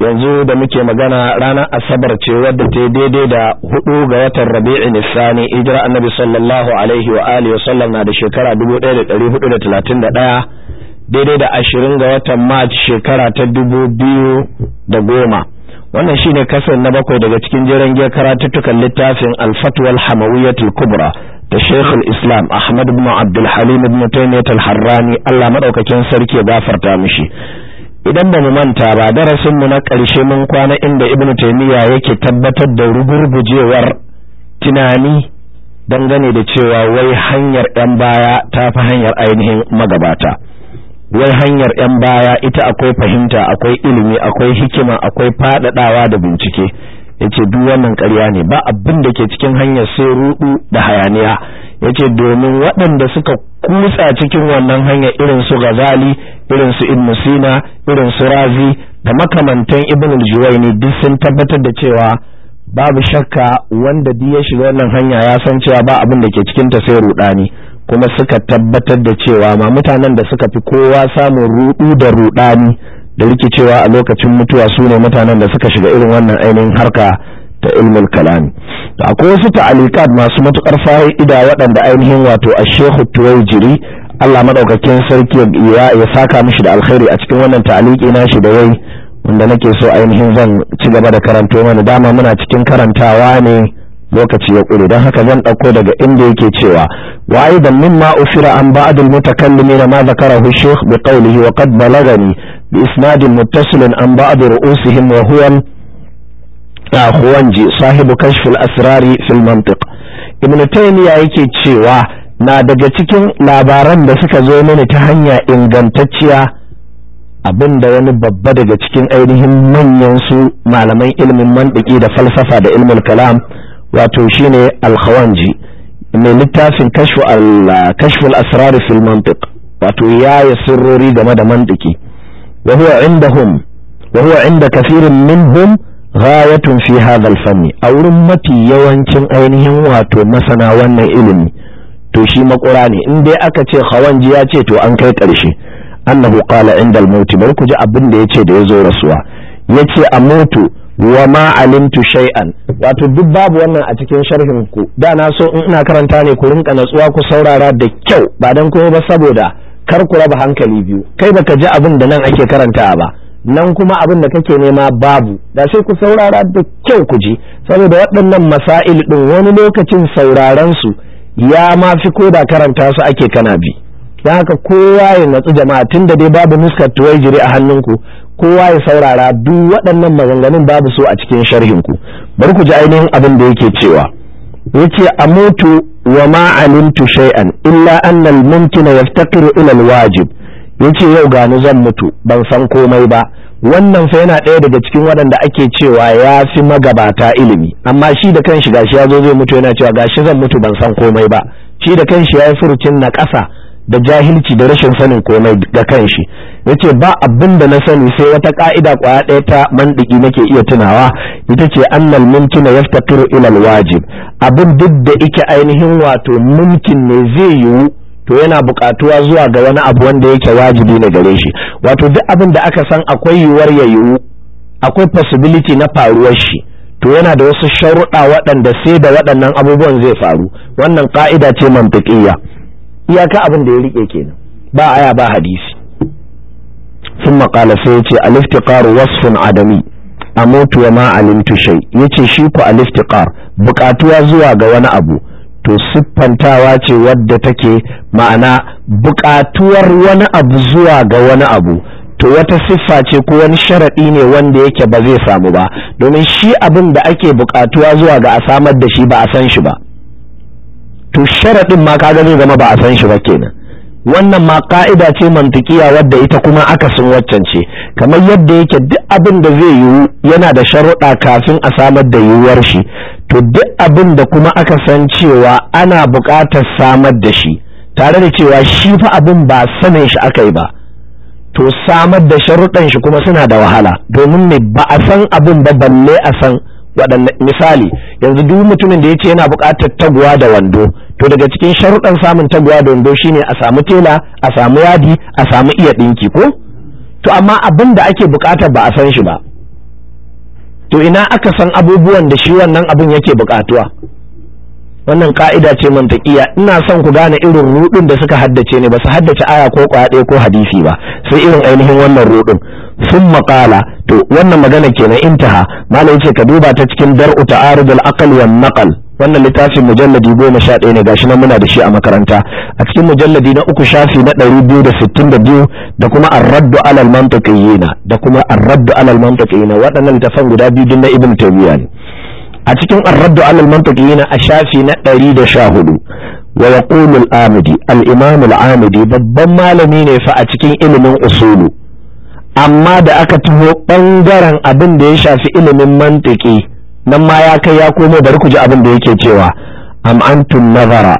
yanzu da muke magana ranar asabar ce wadda ta daidai da hudu ga watan rabi'i nisani hijira annabi sallallahu alaihi wa alihi wasallam na da shekara daya daidai da ashirin ga watan march shekara ta dubu biyu da goma wannan shine kasar na bakwai daga cikin jiran giyar karatuttukan littafin alfatwal hamawiyatul kubra da shekul islam ahmad ibn abdul halim ibn al-harrani Allah madaukakin sarki ya gafarta mishi idan ba mu manta ba darasin mu na ƙarshe mun kwana inda ibnu taymiya yake tabbatar da rugurgujewar tunani dangane da cewa wai hanyar yan baya ta fi hanyar ainihin magabata wai hanyar yan baya ita akwai fahimta akwai ilimi akwai hikima akwai faɗaɗawa da bincike yace duk wannan karya ne ba abin da ke cikin hanyar sai rudu da hayaniya yace domin waɗanda suka kutsa cikin wannan hanya irin su irinsu irin su Ibn irin su Razi da makamantan Ibn al ne duk sun tabbatar da cewa babu shakka wanda duk ya shiga wannan hanya ya san cewa ba abin da ke cikin ta sai rudani kuma suka tabbatar da cewa ma mutanen da suka fi kowa samun ruɗu da rudani da rikicewa a lokacin mutuwa su ne mutanen da suka shiga irin wannan ainihin harka ta ilmin kalami da akwai wasu ta'alikat masu matukar fa'ida waɗanda ainihin wato a shehu jiri. Allah maɗaukakin sarki ya saka mishi da alkhairi a cikin wannan ta'aliki na shi da wai wanda nake so ainihin zan ci gaba da karanto mana dama muna cikin karantawa ne lokaci ya ƙure don haka zan ɗauko daga inda yake cewa wa min ma ufira an ba'dul mutakallimin ma zakarahu bai bi qawlihi wa qad balagani بإسناد متصل عن بعض رؤوسهم وهو خوانجي صاحب كشف الأسرار في المنطق ابن تيمية يكي تشيوا na daga cikin labaran da suka zo mini ta hanya ingantacciya abin da wani babba daga cikin ainihin manyan su malaman ilimin mantiki da falsafa da ilmin kalam wato shine alkhawanji mai littafin kashfu al-asrar fil mantiq wato yaya sirrori game da mantiki وهو عندهم وهو عند كثير منهم غاية في هذا الفن أو رمتي يوانشن أينهم واتو مسنا وانا إلمي to shi makura ne in dai aka ce khawanji jiya ce to an kai ƙarshe annahu qala inda al bari ku ji abin da yace da yazo rasuwa yace a mutu wa ma alimtu shay'an wato duk babu wannan a cikin sharhin ku da na in ina karanta ne ku rinka natsuwa ku saurara da kyau ba dan kuma ba saboda kar ku raba hankali biyu kai baka ji abin da nan ake karanta ba nan kuma abin da kake nema babu da sai ku saurara da kyau ku ji saboda waɗannan masail ɗin wani lokacin sauraron su ya ma fi ko da karanta su ake kana bi don haka kowa ya natsu jama'a tun da dai babu nuskar tuwai jiri a hannunku kowa ya saurara duk waɗannan maganganun babu so a cikin sharhinku bari ku ji ainihin abin da yake cewa yace a mutu wa ma alimtu shay'an illa anna al-mumkin yaftaqiru ila al-wajib yace yau ga ni zan mutu ban san komai ba wannan sai yana ɗaya daga cikin waɗanda ake cewa ya fi magabata ilimi amma shi da kanshi gashi ya zo zai mutu yana cewa gashi zan mutu ban san komai ba shi da kanshi ya yi furucin na ƙasa da jahilci da rashin sanin komai ga kan kanshi yace ba abin da na sani sai wata ka'ida kwaya ɗaya ta mandiki nake iya tunawa ita ce annal mumkina yaftaqiru ila alwajib abin duk da yake ainihin wato mumkin ne zai yiwu to yana buƙatuwa zuwa ga wani abu wanda yake wajibi ne gare shi wato duk abin da aka san akwai yiwuwar ya yiwu akwai possibility na faruwar shi to yana da wasu sharuɗa waɗanda sai da waɗannan abubuwan zai faru wannan ka'ida ce mantiqiyya iyaka abin da ya rike kenan ba aya ba hadisi sun maƙala sai ya ce aliftiƙar wasfin adami a mutuwa ma alimtu shai ya ce shi ku aliftiƙar buƙatuwa zuwa ga wani abu to siffantawa ce wadda take ma'ana buƙatuwar wani abu zuwa ga wani abu to wata siffa ce ko wani sharaɗi ne wanda yake ba zai samu ba domin shi abin da ake buƙatuwa zuwa ga a samar da shi ba a san shi ba to sharaɗin ma kaga zai zama ba a san shi ba kenan wannan ma ka'ida ce mantikiya wadda ita kuma aka waccan ce kamar yadda yake duk abin da zai yiwu yana da sharuɗa kafin a samar da yiwuwar shi to duk abin da kuma aka san cewa ana buƙatar samar da shi tare da cewa shi fa abin ba sanin shi aka yi ba to samar da sharuɗan shi kuma suna da wahala domin me ba a san abin ba balle a san waɗanne misali yanzu duk mutumin da ya ce yana buƙatar taguwa da wando to daga cikin sharuɗan samun taguwa da wando shine a samu tela a samu yadi a samu iya ɗinki ko to amma abin da ake buƙatar ba a san shi ba to ina aka san abubuwan da shi wannan abin yake buƙatuwa wannan ka'ida ce mantakiya ina son ku gane irin ruɗun da suka haddace ne ba su haddace aya ko kwaɗe ɗaya ko hadisi ba sai irin ainihin wannan ruɗin sun maƙala to wannan magana kenan intaha malam yace ka duba ta cikin dar'u ta'arud al-aql wan naql wannan littafin mujalladi goma sha ɗaya ne gashi nan muna da shi a makaranta a cikin mujalladi na uku shafi na ɗari biyu da sittin da biyu da kuma arraddu alal mantiqiyina da kuma arraddu alal mantiqiyina waɗannan littafan guda biyu din na ibn taymiya ne a cikin arraddu alal mantiqiyina a shafi na ɗari da sha hudu wa yaqulu al-amidi al-imam al-amidi babban malami ne fa a cikin ilimin usulu amma da aka taho ɓangaren abin da ya shafi ilimin mantiki nan ma ya kai ya komo bari ku ji abin da yake cewa am antum nazara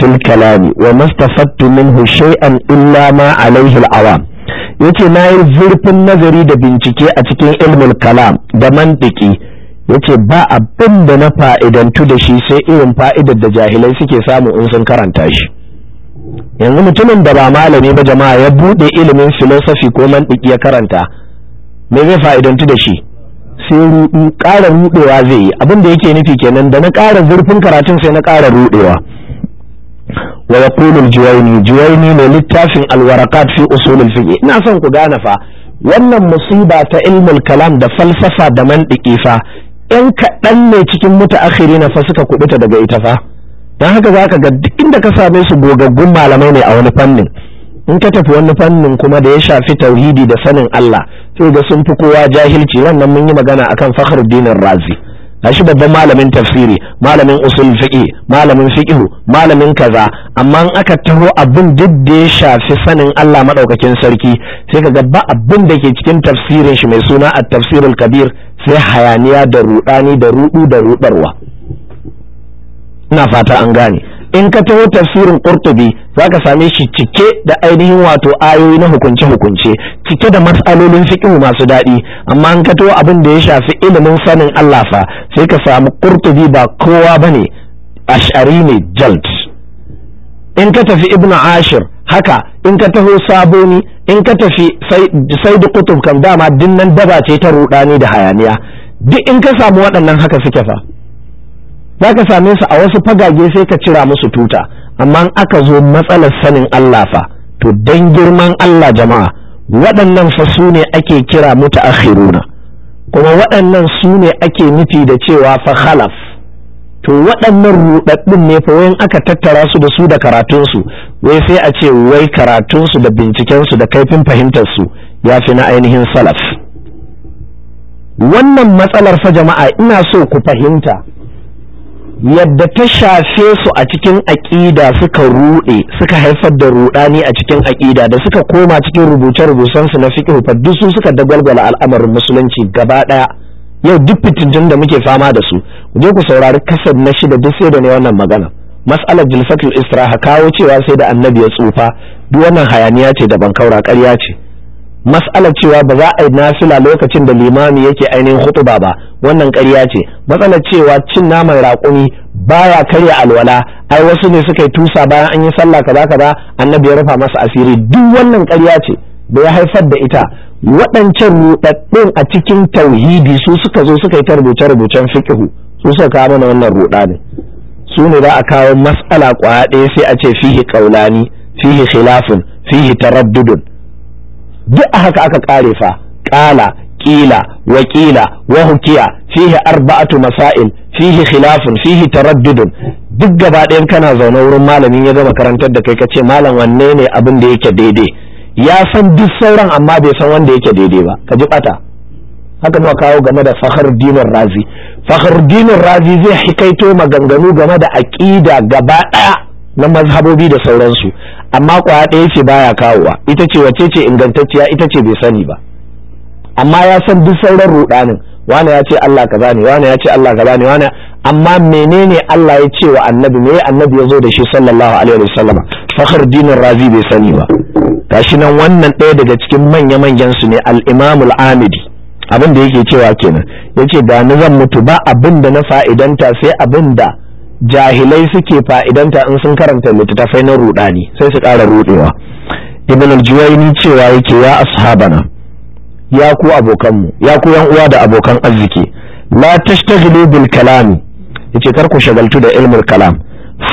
fil kalami wa mastafattu minhu shay'an illa ma alayhi al-awam yace nayi zurfin nazari da bincike a cikin ilmul kalam da mantiki yace ba abin da na fa'idantu da shi sai irin fa'idar da jahilai suke samu in sun karanta shi yanzu mutumin da ba malami ba jama'a ya buɗe ilimin filosofi ko mantiki ya karanta me zai fa'idantu da shi sai rudu ƙara rudewa zai yi abin da yake nufi kenan da na ƙara zurfin karatun sai na ƙara rudewa wa yaqulu juwaini juwaini ne littafin alwarakat fi usulul fiqh ina son ku gane fa wannan musiba ta ilmul kalam da falsafa da mantiki fa yan kaɗan ne cikin mutaakhirina fa suka kubuta daga ita fa don haka za ka ga duk inda ka same su gogaggun malamai ne a wani fannin in ka tafi wani fannin kuma da ya shafi tauhidi da sanin Allah sai ga sun fi kowa jahilci wannan mun yi magana akan dinin Razi shi babban malamin tafsiri malamin usul fiqi malamin fiqhu malamin kaza amma in aka taho abin duk da ya shafi sanin Allah madaukakin sarki sai ka ga ba abin da ke cikin tafsirin shi mai suna at-tafsirul kabir sai hayaniya da rudani da rudu da rudarwa ina fata an gane in ka taho tafsirin qurtubi zaka same shi cike da ainihin wato ayoyi na hukunce hukunce cike da matsalolin fiƙihu masu daɗi amma in ka taho abin da ya shafi ilimin sanin Allah fa sai ka samu qurtubi ba kowa bane ash'ari ne jalt in ka tafi ibnu ashir haka in ka taho saboni in ka tafi sai da kutub kan dama dinnan daba ce ta rudani da hayaniya duk in ka samu waɗannan haka suke fa za ka same su a wasu fagage sai ka cira musu tuta amma aka zo matsalar sanin Allah fa to dan girman Allah jama'a waɗannan fa su ne ake kira akhiruna kuma waɗannan su ne ake nufi da cewa fa khalaf to waɗannan ruɗaɗɗun ne fa wayan aka tattara su da su da karatunsu wai sai a ce wai karatunsu da bincikensu da kaifin fahimtarsu ya fi na ainihin salaf wannan matsalar fa jama'a ina so ku fahimta yadda ta shafe su a cikin aƙida suka ruɗe suka haifar da ruɗani a cikin aƙida da suka koma cikin rubuce su na fiƙihu fa duk su suka dagwalgwala al'amarin musulunci gaba ɗaya yau duk fitintun da muke fama da su ku je ku saurari kasar na shida duk sai da ne wannan magana mas'alar jilfatul ha kawo cewa sai da annabi ya tsufa duk wannan hayaniya ce da ban bankaura ƙarya ce Matsalar cewa ba za a yi nasila lokacin da limami yake ainihin hutuba ba wannan ƙarya ce matsalar cewa cin naman raƙumi baya karya alwala ai wasu ne suka yi tusa bayan an yi sallah kaza kaza annabi ya rufa masa asiri duk wannan ƙarya ce da ya haifar da ita waɗancan ruɗaɗɗun a cikin tauhidi su suka zo suka yi ta rubuce-rubucen fiƙihu su suka kawo mana wannan ruɗa ne su ne za a kawo mas'ala ƙwaya ɗaya sai a ce fihi ƙaulani fihi khilafun fihi taraddudun duk a haka aka kare fa ƙala ƙila wa qila wa hukiya fihi arba'atu masail fihi khilafun fihi taraddudun duk gaba ɗayan kana zaune wurin malamin ya gama karantar da kai kace malam wanne ne abin da yake daidai ya san duk sauran amma bai san wanda yake daidai ba ka ji ɓata. haka muka kawo game da dinin razi dinin razi zai hikaito maganganu game da aƙida gaba ɗaya na mazhabobi da sauransu amma kwaya ɗaya ce baya kawowa ita ce wace ce ingantacciya ita ce bai sani ba amma ya san duk sauran rudanin wani ya ce Allah kaza ne wani ya ce Allah kaza ne wani amma menene Allah ya ce wa annabi me annabi ya zo da shi sallallahu alaihi wa sallam fakhr dinin razi bai sani ba gashi nan wannan ɗaya daga cikin manya manyan su ne al-imamul amidi abin da yake cewa kenan yace da ni zan mutu ba abin da na fa'idanta sai abin da jahilai suke fa'idanta in sun karanta littattafai na rudani sai su ƙara ruɗewa. ibn al-juwayni cewa yake ya ashabana ya ku abokanmu ya ku yan uwa da abokan arziki la tashtaghilu bil kalami yace kar ku shagaltu da ilmul kalam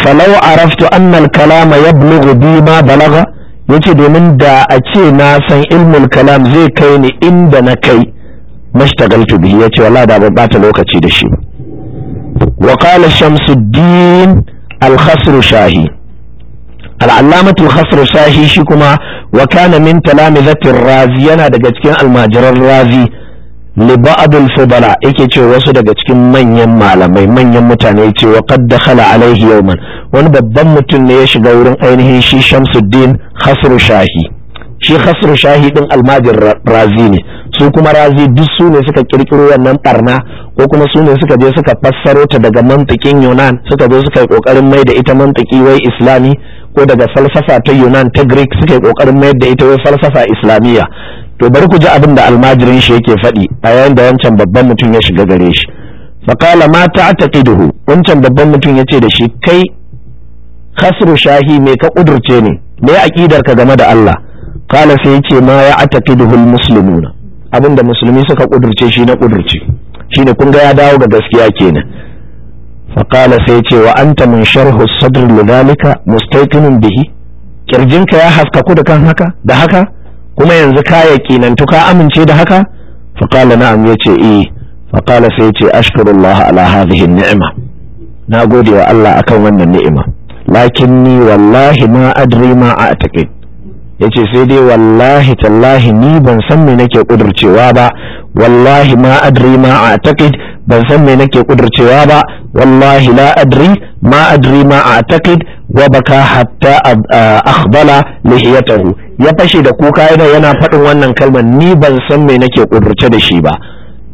falau araftu anna al kalama yablughu bi ma balagha yace domin da a ce na san ilmul kalam zai kai ni inda na kai mashtagaltu bihi yace wallahi da ban bata lokaci da shi wa qala shamsuddin al-khasr shahi shahi shi kuma wa kana min talamizatir razi yana daga cikin almajiran razi li ba'd al-fudala yake ce wasu daga cikin manyan malamai manyan mutane yace wa qad dakhala yau man, wani babban mutum ne ya shiga wurin ainihin shi Shamsuddin khasr shahi shi hasru shahidin almajin razi ne su kuma razi duk su ne suka kirkiro wannan barna ko kuma su ne suka je suka fassaro ta daga mantakin yunan suka zo suka yi kokarin mai da ita mantaki wai islami ko daga falsafa ta yunan ta greek suka yi kokarin mai da ita wai falsafa islamiyya to bari ku ji abin da almajirin shi yake faɗi a yayin da wancan babban mutum ya shiga gare shi faqala ma ta'taqiduhu wancan babban mutum ce da shi kai hasru shahi me ka kudurce ne me aqidar ka game da Allah kala sai ce ma ya ataqiduhu almuslimuna abinda musulmi suka kudurce shi na kudurce shine kun ga ya dawo ga gaskiya kenan fa kala sai yace wa anta min sharhu sadr lidhalika mustaqinun bihi kirjinka ya haskaku da kan haka da haka kuma yanzu ka yaƙinantu ka amince da haka fa kala na'am yace eh fa kala sai yace Allah ala hadhihi ni'ma na wa Allah akan wannan ni'ima lakin ni wallahi ma adri ma a'taqid yace sai dai wallahi tallahi ni ban san me nake kudurcewa ba wallahi ma adri ma a'taqid ban san me nake kudurcewa ba wallahi la adri ma adri ma a'taqid wa baka hatta akhbala lihiyatahu ya fashe da kuka yana yana faɗin wannan kalmar ni ban san me nake kudurce da shi ba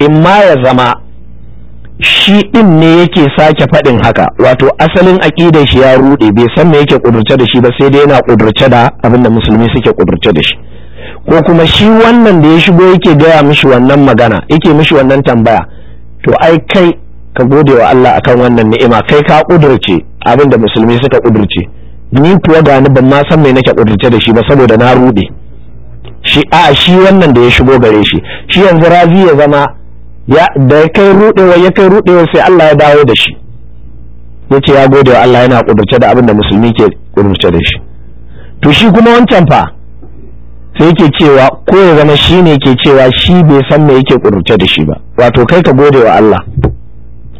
in ma ya zama shi ɗin ne yake sake faɗin haka wato asalin aƙidar shi ya ruɗe bai san me yake ƙudurce da shi ba sai dai yana ƙudurce da abin da musulmi suke ƙudurce da shi ko kuma shi wannan da ya shigo yake gaya mishi wannan magana yake mishi wannan tambaya to ai kai ka gode wa Allah akan wannan ni'ima kai ka ƙudurce abinda musulmi suka ƙudurce ni kuwa ga ni ban ma san me nake ƙudurce da shi ba saboda na ruɗe shi a shi wannan da ya shigo gare shi shi yanzu razi ya zama da ya kai rudewa ya kai rudewa sai Allah ya dawo da shi ya ce ya gode wa Allah yana kudurce da abin da musulmi ke kudurce da shi to shi kuma wancan fa sai yake cewa ko ya zama shi ne ke cewa shi bai san me yake kudurce da shi ba wato kai ka gode wa Allah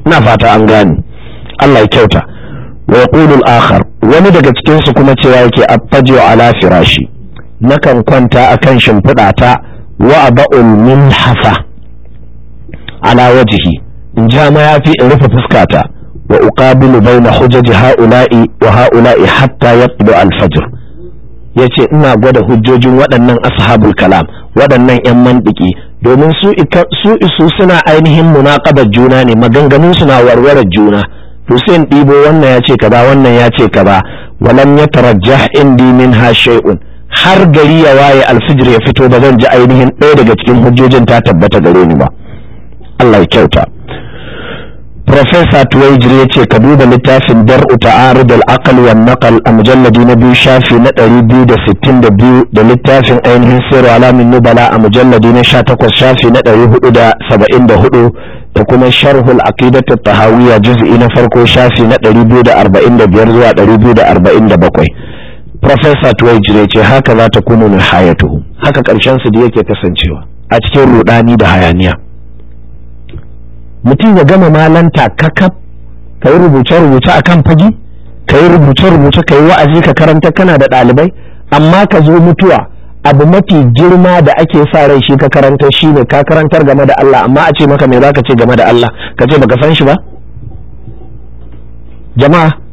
ina fata an gane Allah ya kyauta wa yaqulu akhar wani daga cikin su kuma cewa yake attaji'u ala firashi nakan kwanta akan shimfiɗata wa aba'ul minhafa ala wajihi in ja mayafi in rufe fuskata wa uqabilu baina hujjaji ha'ula'i wa ha'ula'i hatta yatlu al yace ina gwada hujjojin waɗannan ashabul kalam waɗannan yan mandiki domin su su suna ainihin munaqabar juna ne maganganun suna warware juna to sai ɗibo wannan yace kaza wannan yace kaza walam yatarajjah indi minha shay'un har gari ya waye alfijir ya fito ba zan ji ainihin ɗaya daga cikin hujjojin ta tabbata gare ni ba Allah ya kyauta Profesa Tuwaijir ya ce ka duba littafin dar'u ta'arud al akal wa nakal a mujalladi na biyu shafi na ɗari biyu da sittin da da biyu littafin ainihin sirri alamin nubala a mujalladi na sha takwas shafi na ɗari hudu da saba'in da da kuma sharhul aqidat at-tahawiyya juz'i na farko shafi na ɗari biyu da da arba'in biyar zuwa ɗari biyu da arba'in bakwai. Profesa Tuwaijir ya ce haka za ta kunu hayatuhu haka ƙarshen su da yake kasancewa a cikin rudani da hayaniya mutum ya gama malanta kakaf ka yi rubuce-rubuce a kan fagi ka yi rubuce-rubuce ka yi wa'azi ka karanta kana da ɗalibai amma ka zo mutuwa abu mafi girma da ake sa rai shi ka karanta shi ne ka karantar game da Allah amma a ce maka me za ka ce game da Allah ka ce baka san shi ba jama'a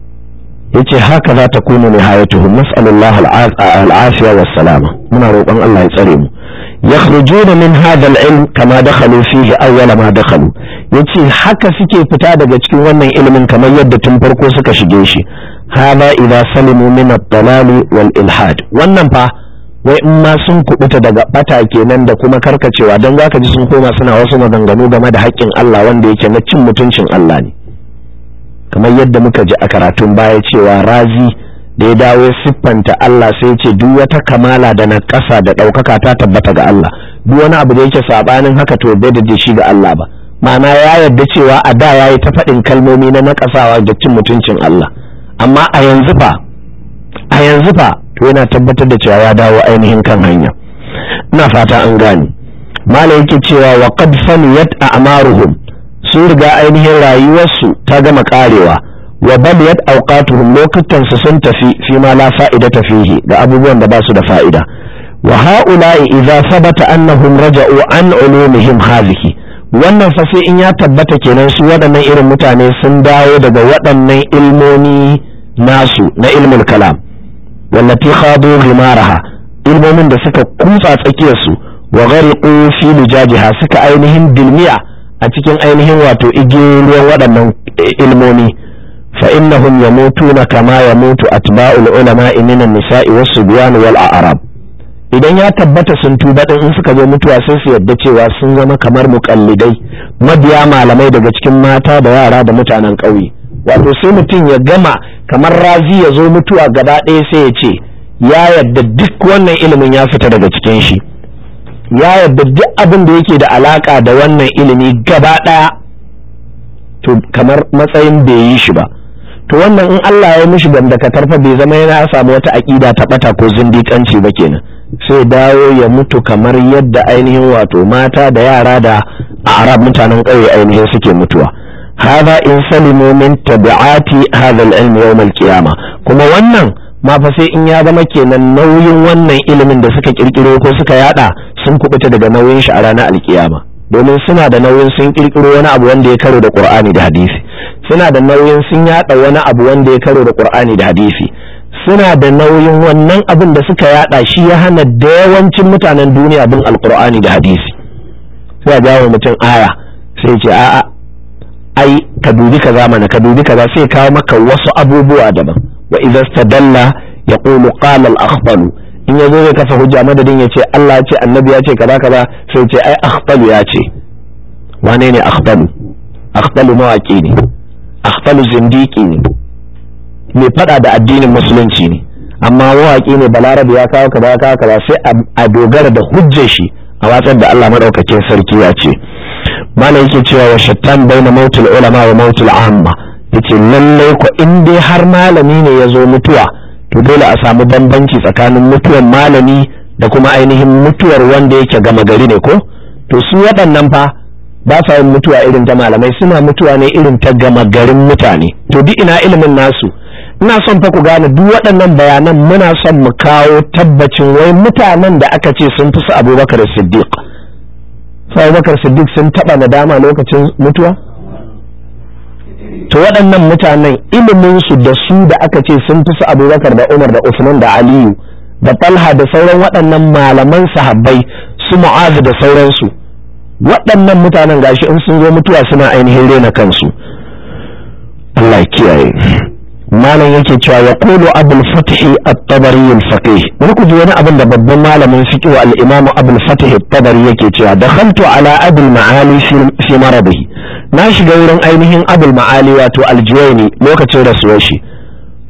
yace haka za ta kunu nihayatuhu nas'alullah al'afiya was salama muna roƙon Allah ya tsare mu yakhrujuna min hadha al-ilm kama dakhalu fihi awwal ma dakhalu yace haka suke fita daga cikin wannan ilimin kamar yadda tun farko suka shige shi hada idza salimu min ad-dalal wal ilhad wannan fa wai in ma sun kubuta daga bata kenan da kuma karkacewa don zaka ji sun koma suna wasu maganganu game da haƙƙin Allah wanda yake na cin mutuncin Allah ne kamar yadda muka ji a karatun baya cewa razi da ya dawo siffanta Allah sai ce duk wata kamala da na ƙasa da ɗaukaka ta tabbata ga Allah duk wani abu da yake saɓanin haka to bai da shi ga Allah ba ma'ana ya yarda cewa a da ya yi ta faɗin kalmomi na naƙasawa da cin mutuncin Allah amma a yanzu fa a yanzu fa to yana tabbatar da cewa ya dawo ainihin kan hanya ina fata an gane Malam yake cewa wa qad faniyat a'maruhum sun riga ainihin rayuwarsu ta gama karewa wa baliyat awqatuhum lokutan su sun tafi fi ma la ga abubuwan da ba su da fa'ida wa ha'ula'i idza sabata annahum raja'u an ulumihim hadhihi wannan fa sai in ya tabbata kenan su waɗannan irin mutane sun dawo daga waɗannan ilmoni nasu na ilmul kalam wallati khadu ghimaraha ilmomin da suka kutsa tsakiyarsu wa ghariqu fi lujajiha suka ainihin dilmiya a cikin ainihin wato igiyoyin waɗannan eh, ilmomi fa innahum yamutuna kama yamutu atba'ul ulama minan nisa'i was biyanuwal wal a'rab idan ya tabbata sun tuba in suka zo mutuwa sai su yadda cewa sun zama kamar muƙallidai mabiya malamai daga cikin mata da yara da mutanen ƙauye wato sai mutum ya gama kamar razi ya zo mutuwa gaba ɗaya sai ya ce ya yadda duk wannan ilimin ya fita daga cikin shi ya yarda duk abin da yake da alaka da wannan ilimi gaba ɗaya to kamar matsayin bai yi shi ba to wannan in Allah ya mishi bandakatar fa bai zama yana samu wata aƙida ta bata ko zindiƙanci ba kenan sai dawo ya mutu kamar yadda ainihin wato mata da yara da arab mutanen ƙauye ainihin suke mutuwa in salimu min tabi'ati hadha al-ilm yawm al-qiyamah kuma wannan ma fa sai in ya zama kenan nauyin wannan ilimin da suka kirkiro ko suka yada sun kubuta daga nauyin shi a ranar alkiyama domin suna da nauyin sun kirkiro wani abu wanda ya karo da qur'ani da hadisi suna da nauyin sun yada wani abu wanda ya karo da qur'ani da hadisi suna da nauyin wannan abin da suka yada shi ya hana da yawancin mutanen duniya bin alqur'ani da hadisi sai a jawo mutum aya sai ce a'a ai ka dubi kaza mana ka dubi kaza sai kawo maka wasu abubuwa daban wa idza stadalla yaqulu qala al-akhbalu in yazo zai kafa hujja madadin yace Allah ya ce annabi ya ce kaza kaza sai ce ai akhbalu ya ce wane ne akhbalu akhbalu mawaki ne akhbalu zindiki ne mai fada da addinin musulunci ne amma mawaƙi ne balarabi ya kawo kaza kawo kaza sai a dogara da hujjar shi a watsar da Allah madaukakin sarki ya ce malai yake cewa wa shattan baina mautul ulama wa mautul amma yace lallai ko in dai har malami ne ya zo mutuwa to dole a samu bambanci tsakanin mutuwar malami da kuma ainihin mutuwar wanda yake gama gari ne ko to su waɗannan fa ba sa yin mutuwa irin ta malamai suna mutuwa ne irin ta gama garin mutane to duk ina ilimin nasu ina son fa ku gane duk waɗannan bayanan muna son mu kawo tabbacin wai mutanen da aka ce sun fi su abubakar siddiq sai abubakar siddiq sun taɓa nadama lokacin mutuwa to waɗannan mutanen iliminsu da su da aka ce sun fi su abubakar da umar da usman da aliyu da talha da sauran waɗannan malaman sahabbai su mu'azu da sauransu waɗannan mutanen gashi in sun zo mutuwa suna ainihin rena kansu Allah kiyaye malam yake cewa ya kulu abul fatihi at-tabari al-faqih Wani ku ji wani abin da babban malamin wa al-imam abul fatihi at-tabari yake cewa dakhaltu ala abul ma'ali fi maradihi na shiga wurin ainihin abul ma'ali wato al-juwayni lokacin rasuwar shi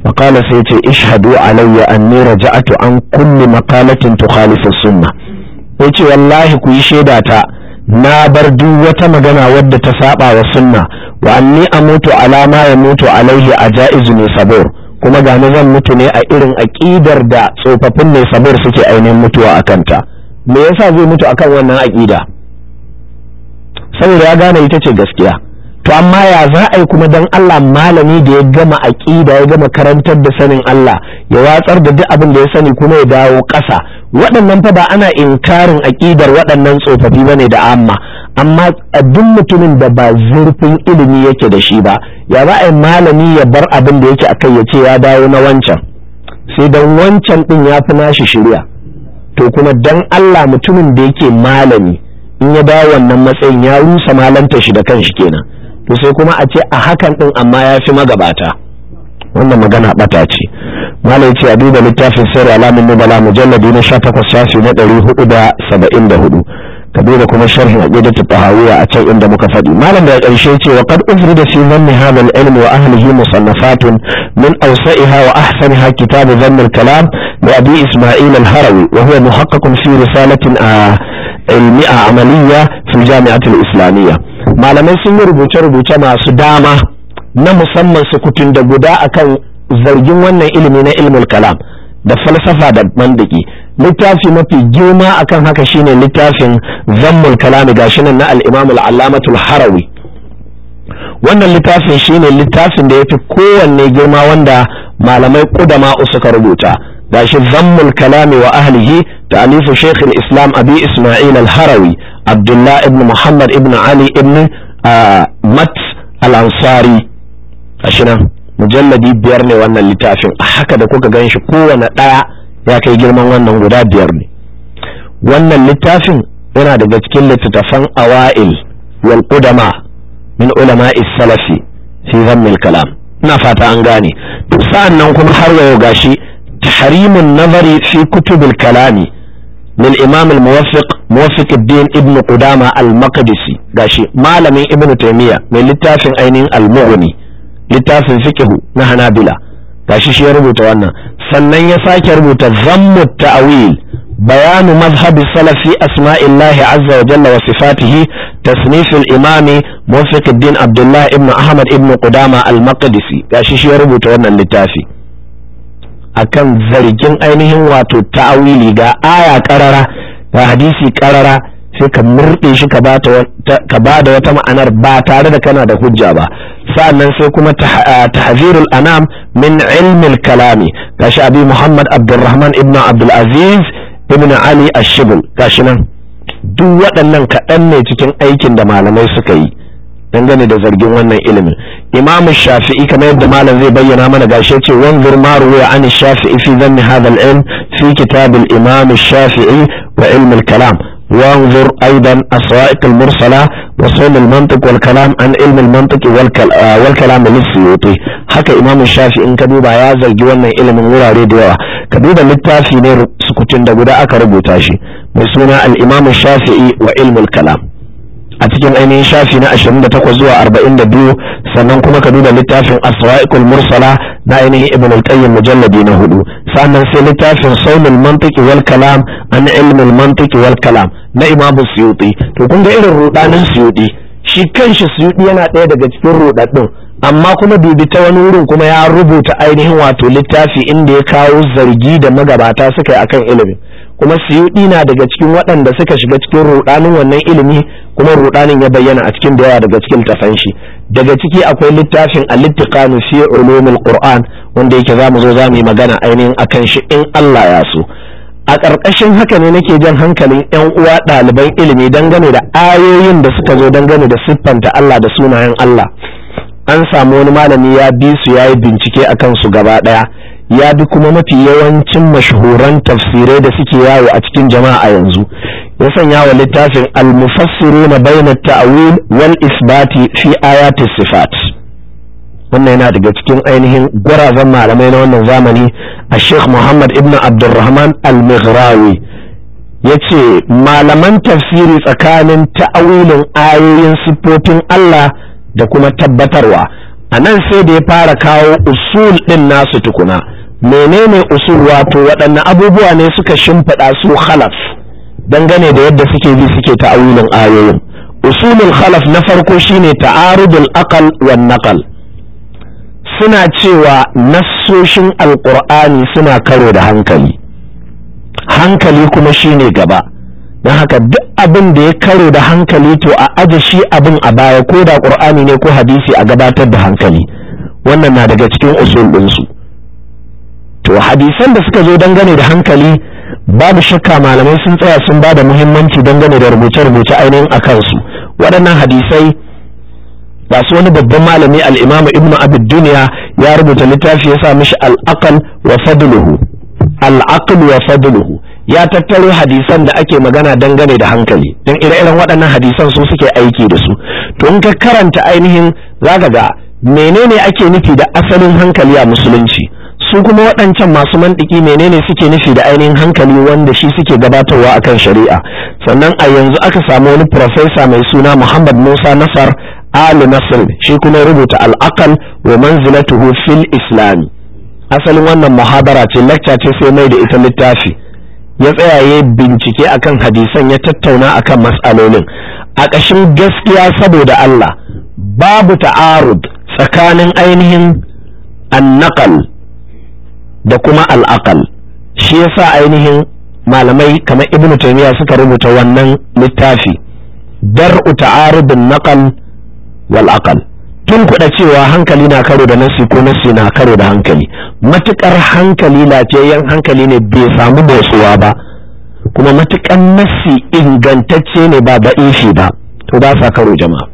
فقال سيتي اشهدوا علي اني an kulli كل مقالة تخالف السنة yace wallahi ku yi shaida ta na bar duk wata magana wadda ta saba wa sunna wa anni amutu ala ma yamutu alaihi ja'izu ne sabur kuma ga zan mutu ne a irin aƙidar da tsofaffin ne sabur suke ainihin mutuwa a kanta me yasa zai mutu akan wannan aƙida saboda ya gane ita ce gaskiya to amma ya za a yi kuma don Allah malami da ya gama aƙida ya gama karantar da sanin Allah ya watsar da duk abin da ya sani kuma ya dawo ƙasa waɗannan fa ba ana inkarin aƙidar waɗannan tsofaffi ba ne da amma amma duk mutumin da ba zurfin ilimi yake da shi ba ya za a yi malami ya bar abin da yake akai ya ce ya dawo na wancan sai dan wancan ɗin ya fi nashi shirya to kuma dan Allah mutumin da yake malami in ya dawo wannan matsayin ya rusa malanta shi da kanshi kenan to sai kuma a ce a hakan din amma ya fi magabata wannan magana bata ce ya ce a duba littafin sayar alamun mubala mujalladi na 18 shafi na ɗari da da saba'in hudu. ka duba kuma sharhin aqidatu tahawiyya a can inda muka faɗi malam da ƙarshe ce wa qad ufrida fi dhanni hadha al-ilm wa ahlihi musannafatun min awsa'iha wa ahsaniha kitab dhann al-kalam li abi isma'il al-harawi wa huwa muhaqqaqun fi risalatin ilmi'a amaliyya fi jami'at al-islamiyya malamai sun yi rubuce-rubuce masu dama na musamman sukutun da guda akan zargin wannan ilimi na ilmul kalam da falsafa da mandiki littafi mafi girma akan haka shine littafin zammul kalami gashi nan na Al'imamul Al'amatul harawi wannan littafin shine littafin da ya fi kowanne girma wanda malamai kudama suka rubuta shi zammul kalami wa ahlihi ta alifu al-islam abi isma'il al-harawi abdullah ibn muhammad ibn ali ibn ah, mat al-ansari gashi nan mujalladi biyar ne wannan littafin haka da kuka gan shi kowane ɗaya ya kai girman wannan guda biyar ne wannan littafin yana daga cikin littattafan awa'il wal qudama min ulama salafi fi zammil kalam ina fata an gane to sa'an nan kuma har yau gashi tahrimun nazari fi kutubil kalami lil imam al muwaffiq muwaffiq din ibn qudama al maqdisi gashi malamin ibn taymiya mai littafin ainihin al mughni littafin fiqh na hanabila gashi shi ya rubuta wannan sannan ya sake rubuta zammu ta'wil bayanu mazhabi salafi asma'illahi azza wa jalla wa sifatihi tasnif imami imam din ibn ahmad ibn qudama al-maqdisi shi ya rubuta wannan littafi akan zargin ainihin wato ta'awili ga aya karara da hadisi karara sai ka murɗe shi ka ba da wata ma'anar ba tare da kana da hujja ba sa'annan sai kuma tahzirul anam min ilmil kalami gashi abi muhammad abdulrahman ibn abdulaziz ibn ali ashibul gashi nan duk waɗannan kaɗan ne cikin aikin da malamai suka yi dangane da zargin wannan ilimin imamu shafi'i kamar yadda malam zai bayyana mana gashe ce wanzur ma ruwaya an shafi'i fi zanni hadha al-ilm fi kitab al-imam shafi'i wa ilm al-kalam وانظر ايضا السوائق mursala وصول المنطق والكلام عن علم المنطق والكلام للسيوطي حكى امام الشافعي ان كدوبا يا زلجي wannan ilimin wurare da yawa kadiba littafi ne sukutin da guda aka rubuta shi mai suna al-imam shafii wa ilmul kalam a cikin ainihin shafi na 28 zuwa 42 sannan kuma ka duba littafin asra'ikul mursala na ainihin ibn al-qayyim mujalladi na hudu sannan sai littafin saunul mantiki wal kalam an ilmul mantiki wal kalam na imam suyuti to kun ga irin rudanin suyuti shi kanshi suyuti yana ɗaya daga cikin rudaddin amma kuma dubi ta wani wurin kuma ya rubuta ainihin wato littafi inda ya kawo zargi da magabata suka yi akan ilimin kuma suyuɗi na daga cikin waɗanda suka shiga cikin ruɗanin wannan ilimi kuma ruɗanin ya bayyana a cikin da yawa daga cikin tafan shi daga ciki akwai littafin al-ittiqanu fi ulumul qur'an wanda yake zamu zo zamu yi magana ainihin akan shi in Allah ya so a ƙarƙashin haka ne nake jan hankalin 'yan uwa ɗaliban ilimi dangane da ayoyin da suka zo dangane da siffanta Allah da sunayen Allah an samu wani malami ya bi su yayi bincike a kansu gaba ɗaya ya bi kuma mafi yawancin mashahuran tafsirai da suke yawo a cikin jama'a a yanzu ya sanya wa littafin almufassiru na bayyana ta'awil wal isbati fi ayati sifat wannan yana daga cikin ainihin gwarazan malamai na wannan zamani a sheikh muhammad ibn abdurrahman al ya ce malaman tafsiri tsakanin ta'awilin ayoyin siffofin allah da kuma tabbatarwa a nan sai da ya fara kawo usul din nasu tukuna menene usul wato waɗanne abubuwa ne suka shimfiɗa su khalaf dangane da yadda suke bi suke ta'awilin ayoyin usulul khalaf na farko shine ta'arudul aqal wan naqal suna cewa nassoshin alqur'ani suna karo da hankali hankali kuma shine gaba don haka duk abin da ya karo da hankali to a aje shi abin a baya ko da qur'ani ne ko hadisi a gabatar da hankali wannan na daga cikin usul ɗinsu to hadisan da suka zo dangane da hankali babu shakka malamai sun tsaya sun ba da muhimmanci dangane da rubuce-rubuce ainihin a kansu waɗannan hadisai ba su wani babban malami al'imamu ibnu abid duniya ya rubuta littafi ya sa mishi al'aqal wa fadluhu al'aql wa fadluhu ya tattaro hadisan da ake magana dangane da hankali don ire-iren waɗannan hadisan su suke aiki da su to in ka karanta ainihin zaka ga menene ake nufi da asalin hankali a musulunci su kuma waɗancan masu mantiki menene suke nufi da ainihin hankali wanda shi suke gabatarwa akan shari'a sannan a yanzu aka samu wani profesa mai suna muhammad musa nasar ali nasir shi kuma rubuta al'akal wa manzilatuhu fil islami asalin wannan muhabara ce lacca ce sai mai da ita littafi ya tsaya ya bincike akan hadisan ya tattauna akan matsalolin a ƙashin gaskiya saboda Allah babu ta'arud tsakanin ainihin annakal da kuma al'aqal shi yasa ainihin malamai kamar ibnu taymiya suka rubuta wannan littafi dar ta'arudun naqal wal aqal tun kuɗa cewa hankali na karo da nasi ko nasi na karo da hankali matuƙar hankali lafiyayyen hankali ne bai samu motsuwa ba kuma matuƙar nasi ingantacce ne ba ba'ishi ba to ba sa karo jama'a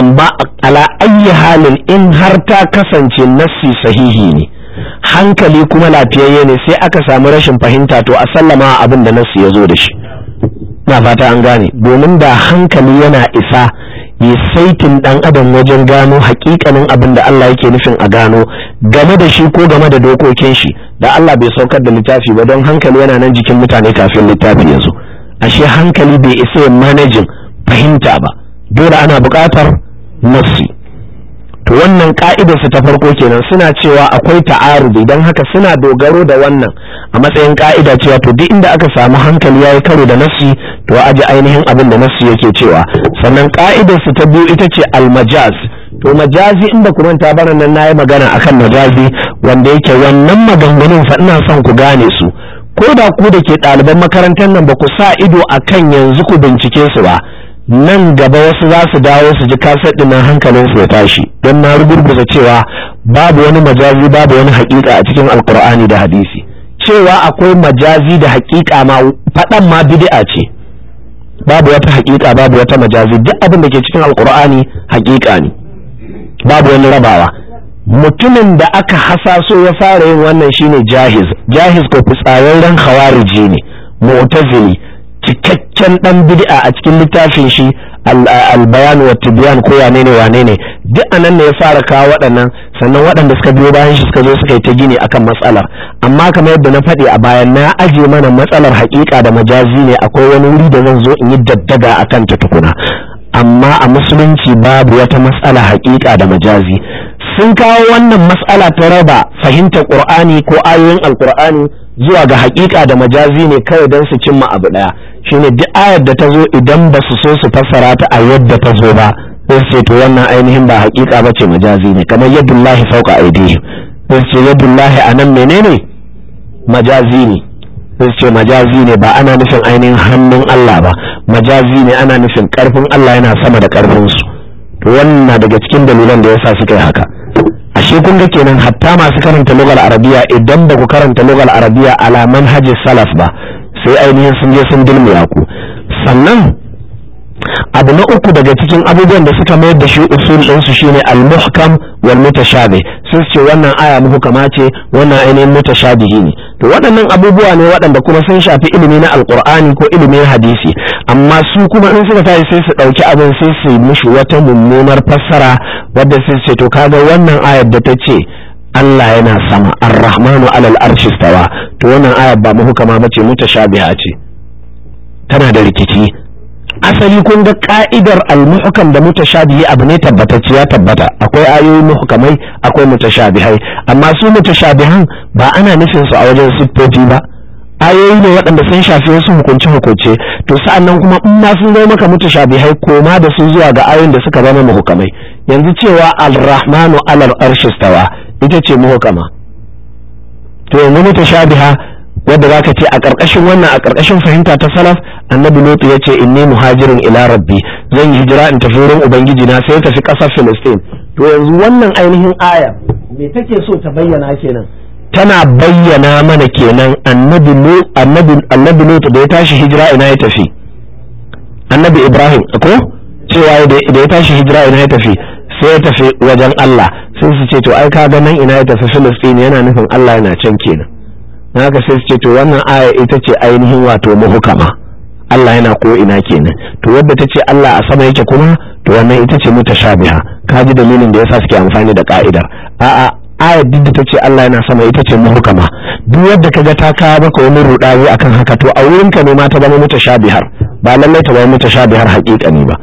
amma ala ayyi halin in har ta kasance nasi sahihi ne hankali kuma lafiyayye ne sai aka samu rashin fahimta to a sallama abin da nasu ya zo da shi na fata an gane domin da hankali yana isa ya saitin dan adam wajen gano hakikanin abin da Allah yake nufin a gano game da shi ko game da dokokin shi da Allah bai saukar da littafi ba don hankali yana nan jikin mutane kafin littafi ya zo ashe hankali bai isa ya manajin fahimta ba dole ana buƙatar nafsi to wannan ka'idarsu ta farko kenan suna cewa akwai ta'arudi don haka suna dogaro da wannan a matsayin ka'ida cewa to duk inda aka samu hankali ya yi karo da nassi to aji ainihin abin da nassi yake cewa sannan ka'idarsu ta biyu ita ce almajaz to majazi inda ku manta bana nan yi magana akan majazi wanda yake wannan maganganun fa ina son ku gane su ko da ku da ke ɗaliban makarantar nan ba ku sa ido akan yanzu ku bincike su ba nan gaba wasu za su dawo su ji kasar ɗin hankalin su ya tashi don na rubuta cewa babu wani majazi babu wani haƙiƙa a cikin alkur'ani da hadisi cewa akwai majazi da haƙiƙa ma faɗan ma bid'a ce babu wata haƙiƙa babu wata majazi duk abin da ke cikin alkur'ani haƙiƙa ne babu wani rabawa mutumin da aka hasaso ya fara yin wannan shine jahiz jahiz ko fitsararren khawariji ne mu'tazili cikakken ɗan bid'a a cikin littafin shi albayan wa tibyan ko wane ne wane ne duk anan ne ya fara kawo waɗannan sannan waɗanda suka biyo bayan shi suka zo suka yi ta gini akan matsalar amma kamar yadda na faɗi a bayan na aje mana matsalar haƙiƙa da majazi ne akwai wani wuri da zan zo in yi daddaga akan ta tukuna amma a musulunci babu wata matsala haƙiƙa da majazi sun kawo wannan matsala ta raba fahimtar ƙur'ani ko ayoyin alƙur'ani zuwa ga haƙiƙa da majazi ne kawai don su cimma abu ɗaya shine duk ayar da ta zo idan ba su so su fassara ta a yadda ta zo ba sai su ce to wannan ainihin ba haƙiƙa ba ce majazi ne kamar yadullahi fauka aidihim sai su ce yadullahi a nan menene majazi ne sai su majazi ne ba ana nufin ainihin hannun Allah ba majazi ne ana nufin karfin Allah yana sama da karfin su to wannan daga cikin dalilan da yasa suka yi haka sai kun ga kenan hatta masu karanta lugal arabiya idan ba ku karanta lugal arabiya ala manhajis salaf ba sai ainihin sun je sun dulmiya ku sannan abu na uku daga cikin abubuwan da suka mayar da shi usul ɗinsu shine al-muhkam wal mutashabih sun ce wannan aya muhkama ce wannan ainihin mutashabih ne to waɗannan abubuwa ne waɗanda kuma sun shafi ilimi na alqur'ani ko ilimin hadisi amma su kuma in suka tashi sai su ɗauki abin sai su yi mishi wata mummunar fassara wadda sai ce to kaga wannan ayar da ta ce Allah yana sama ar-rahmanu alal arshi stawa to wannan ayar ba muhkama bace mutashabiha ce tana da rikici asali kun ga ka'idar almuhukam da mutashabihi abu ne tabbatacce ya tabbata akwai ayoyi muhukamai akwai mutashabihai amma su mutashabihan ba ana nufin su a wajen siffofi ba ayoyi ne waɗanda sun shafi wasu hukunce hukunce to sa'annan kuma in ma sun zama maka mutashabihai koma da su zuwa ga ayoyin da suka zama muhukamai? yanzu cewa alrahmanu alal arshistawa ita ce muhukama to yanzu mutashabiha wadda za ka ce a ƙarƙashin wannan a ƙarƙashin fahimta ta salaf annabi lutu ya ce inni muhajirin ila rabbi zan yi hijira in tafi wurin ubangiji na sai tafi ƙasar filistin to yanzu wannan ainihin aya me take so ta bayyana kenan tana bayyana mana kenan annabi lutu da ya tashi hijira ina ya tafi annabi ibrahim ko cewa da ya tashi hijira ina ya tafi sai ya tafi wajen allah sai su ce to ai ka ga nan ina ya tafi filistin yana nufin allah yana can kenan na sai su to wannan aya ita ce ainihin wato muhukama Allah yana ko ina kenan to wadda ta ce Allah a sama yake kuma to wannan ita ce mutashabiha kaji dalilin da yasa suke amfani da ka'idar a'a ayar din da ta ce Allah yana sama ita ce muhukama duk yadda ka ga ta kawo maka wani rudani akan haka to a wurin ne ma ta zama mutashabihar ba lallai ta zama mutashabihar ne ba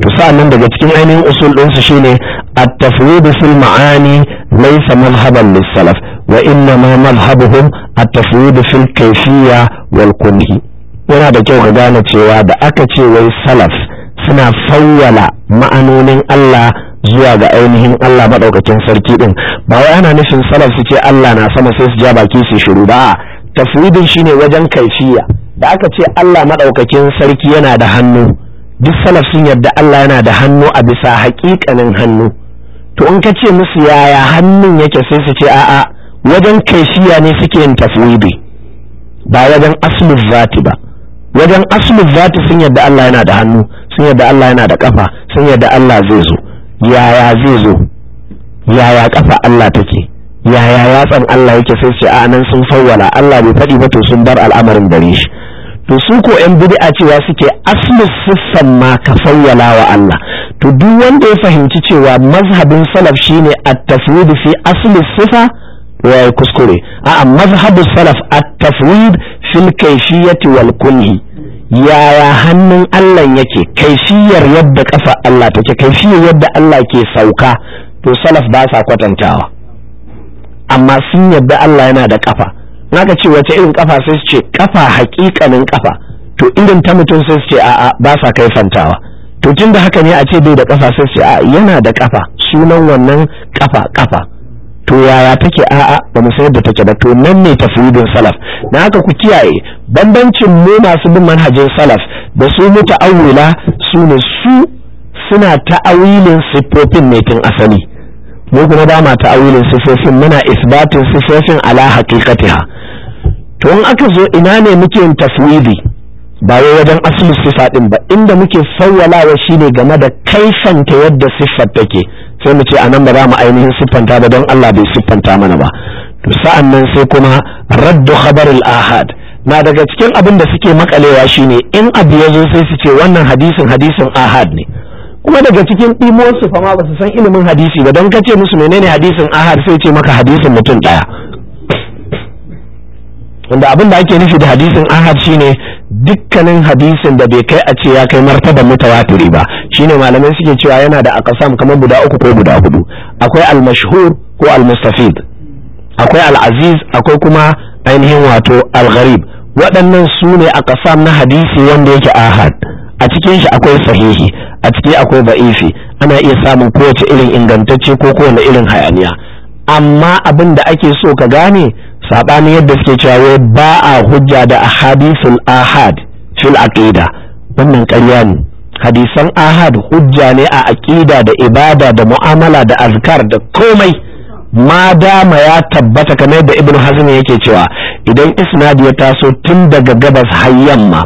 to nan daga cikin ainihin usul ɗinsu shine at-tafwid fil ma'ani laysa mazhaban lis-salaf wa inna ma mazhabuhum at-tafwid fil kayfiyya wal kunhi yana da kyau ka gane cewa da aka ce wai salaf suna fawwala ma'anonin Allah zuwa ga ainihin Allah maɗaukakin sarki ɗin. ba wai ana nufin salaf su ce Allah na sama sai su ja baki su shiru ba tafwidin shine wajen kaifiya da aka ce Allah maɗaukakin sarki yana da hannu duk salaf sun yarda Allah yana da hannu a bisa haƙiƙanin hannu to in ka ce musu yaya hannun yake sai su ce a'a wajen kaifiya ne suke yin tafwidi ba wajen aslu zati ba wajen aslu zati sun yarda Allah yana da hannu sun yadda Allah yana da kafa sun yadda Allah zai zo yaya zai zo yaya kafa Allah take yaya yatsan Allah yake sai ce a nan sun fawwala Allah bai faɗi ba to sun bar al'amarin gare shi to su ko yan bid'a cewa suke aslu sussan ma ka fawwala wa Allah to duk wanda ya fahimci cewa mazhabin salaf shine at-tafwid fi asli sifa wa kuskure a'a mazhabu salaf at-tafwid fil kayfiyati wal kulli yaya hannun Allah yake kaifiyar yadda kafa Allah take kaifiyar yadda Allah ke sauka to salaf ba sa kwatantawa amma sun yadda Allah yana da kafa naka ce wace irin ƙafa sai su ce kafa haƙiƙanin kafa to irin ta mutum sai su ce a'a ba sa kaifantawa to tunda haka ne a ce bai da kafa sai su ce a'a yana da ƙafa sunan wannan kafa kafa to yaya take a'a ba mu sayar da take ba to nan ne tafwidin salaf na haka ku kiyaye bambancin mu masu bin manhajin salaf da su muta'awwila su ne su suna ta'awilin siffofin ne tun asali mu kuma ba ma ta'awilin siffofin muna isbatin siffofin ala haqiqatiha to in aka zo ina ne muke tafwidi ba wai wajen asulus sifa din ba inda muke sawwalawa shine game da kaifanta yadda siffar take sai mu ce anan ba za mu ainihin siffanta ba don Allah bai siffanta mana ba to sa'an nan sai kuma raddu khabarul ahad na daga cikin abin da suke makalewa shine in abu ya zo sai su ce wannan hadisin hadisin ahad ne kuma daga cikin ɗimuwarsu fama ba su san ilimin hadisi ba don ka ce musu menene hadisin ahad sai ce maka hadisin mutum ɗaya wanda abin da ake nufi da hadisin ahad shine dukkanin hadisin da bai kai a ce ya kai martabar mutawatiri ba shine malamai suke cewa yana da akasam kamar guda uku ko guda hudu akwai al-mashhur ko al-mustafid akwai al-aziz akwai kuma ainihin wato al-gharib waɗannan su ne akasam na hadisi wanda yake ahad a cikin shi akwai sahihi a ciki akwai ba'ifi ana iya samun kowace irin ingantacce ko kowane irin hayaniya amma abin da ake so ka gane saɓanin yadda suke cewa wai ba a hujja da ahadithul ahad fil aqida wannan ƙarya ne hadisan ahad hujja ne a aqida da ibada da mu'amala da azkar da komai ma dama ya tabbata kamar yadda ibnu hazmi yake cewa idan isnadi ya taso tun daga gabas har yamma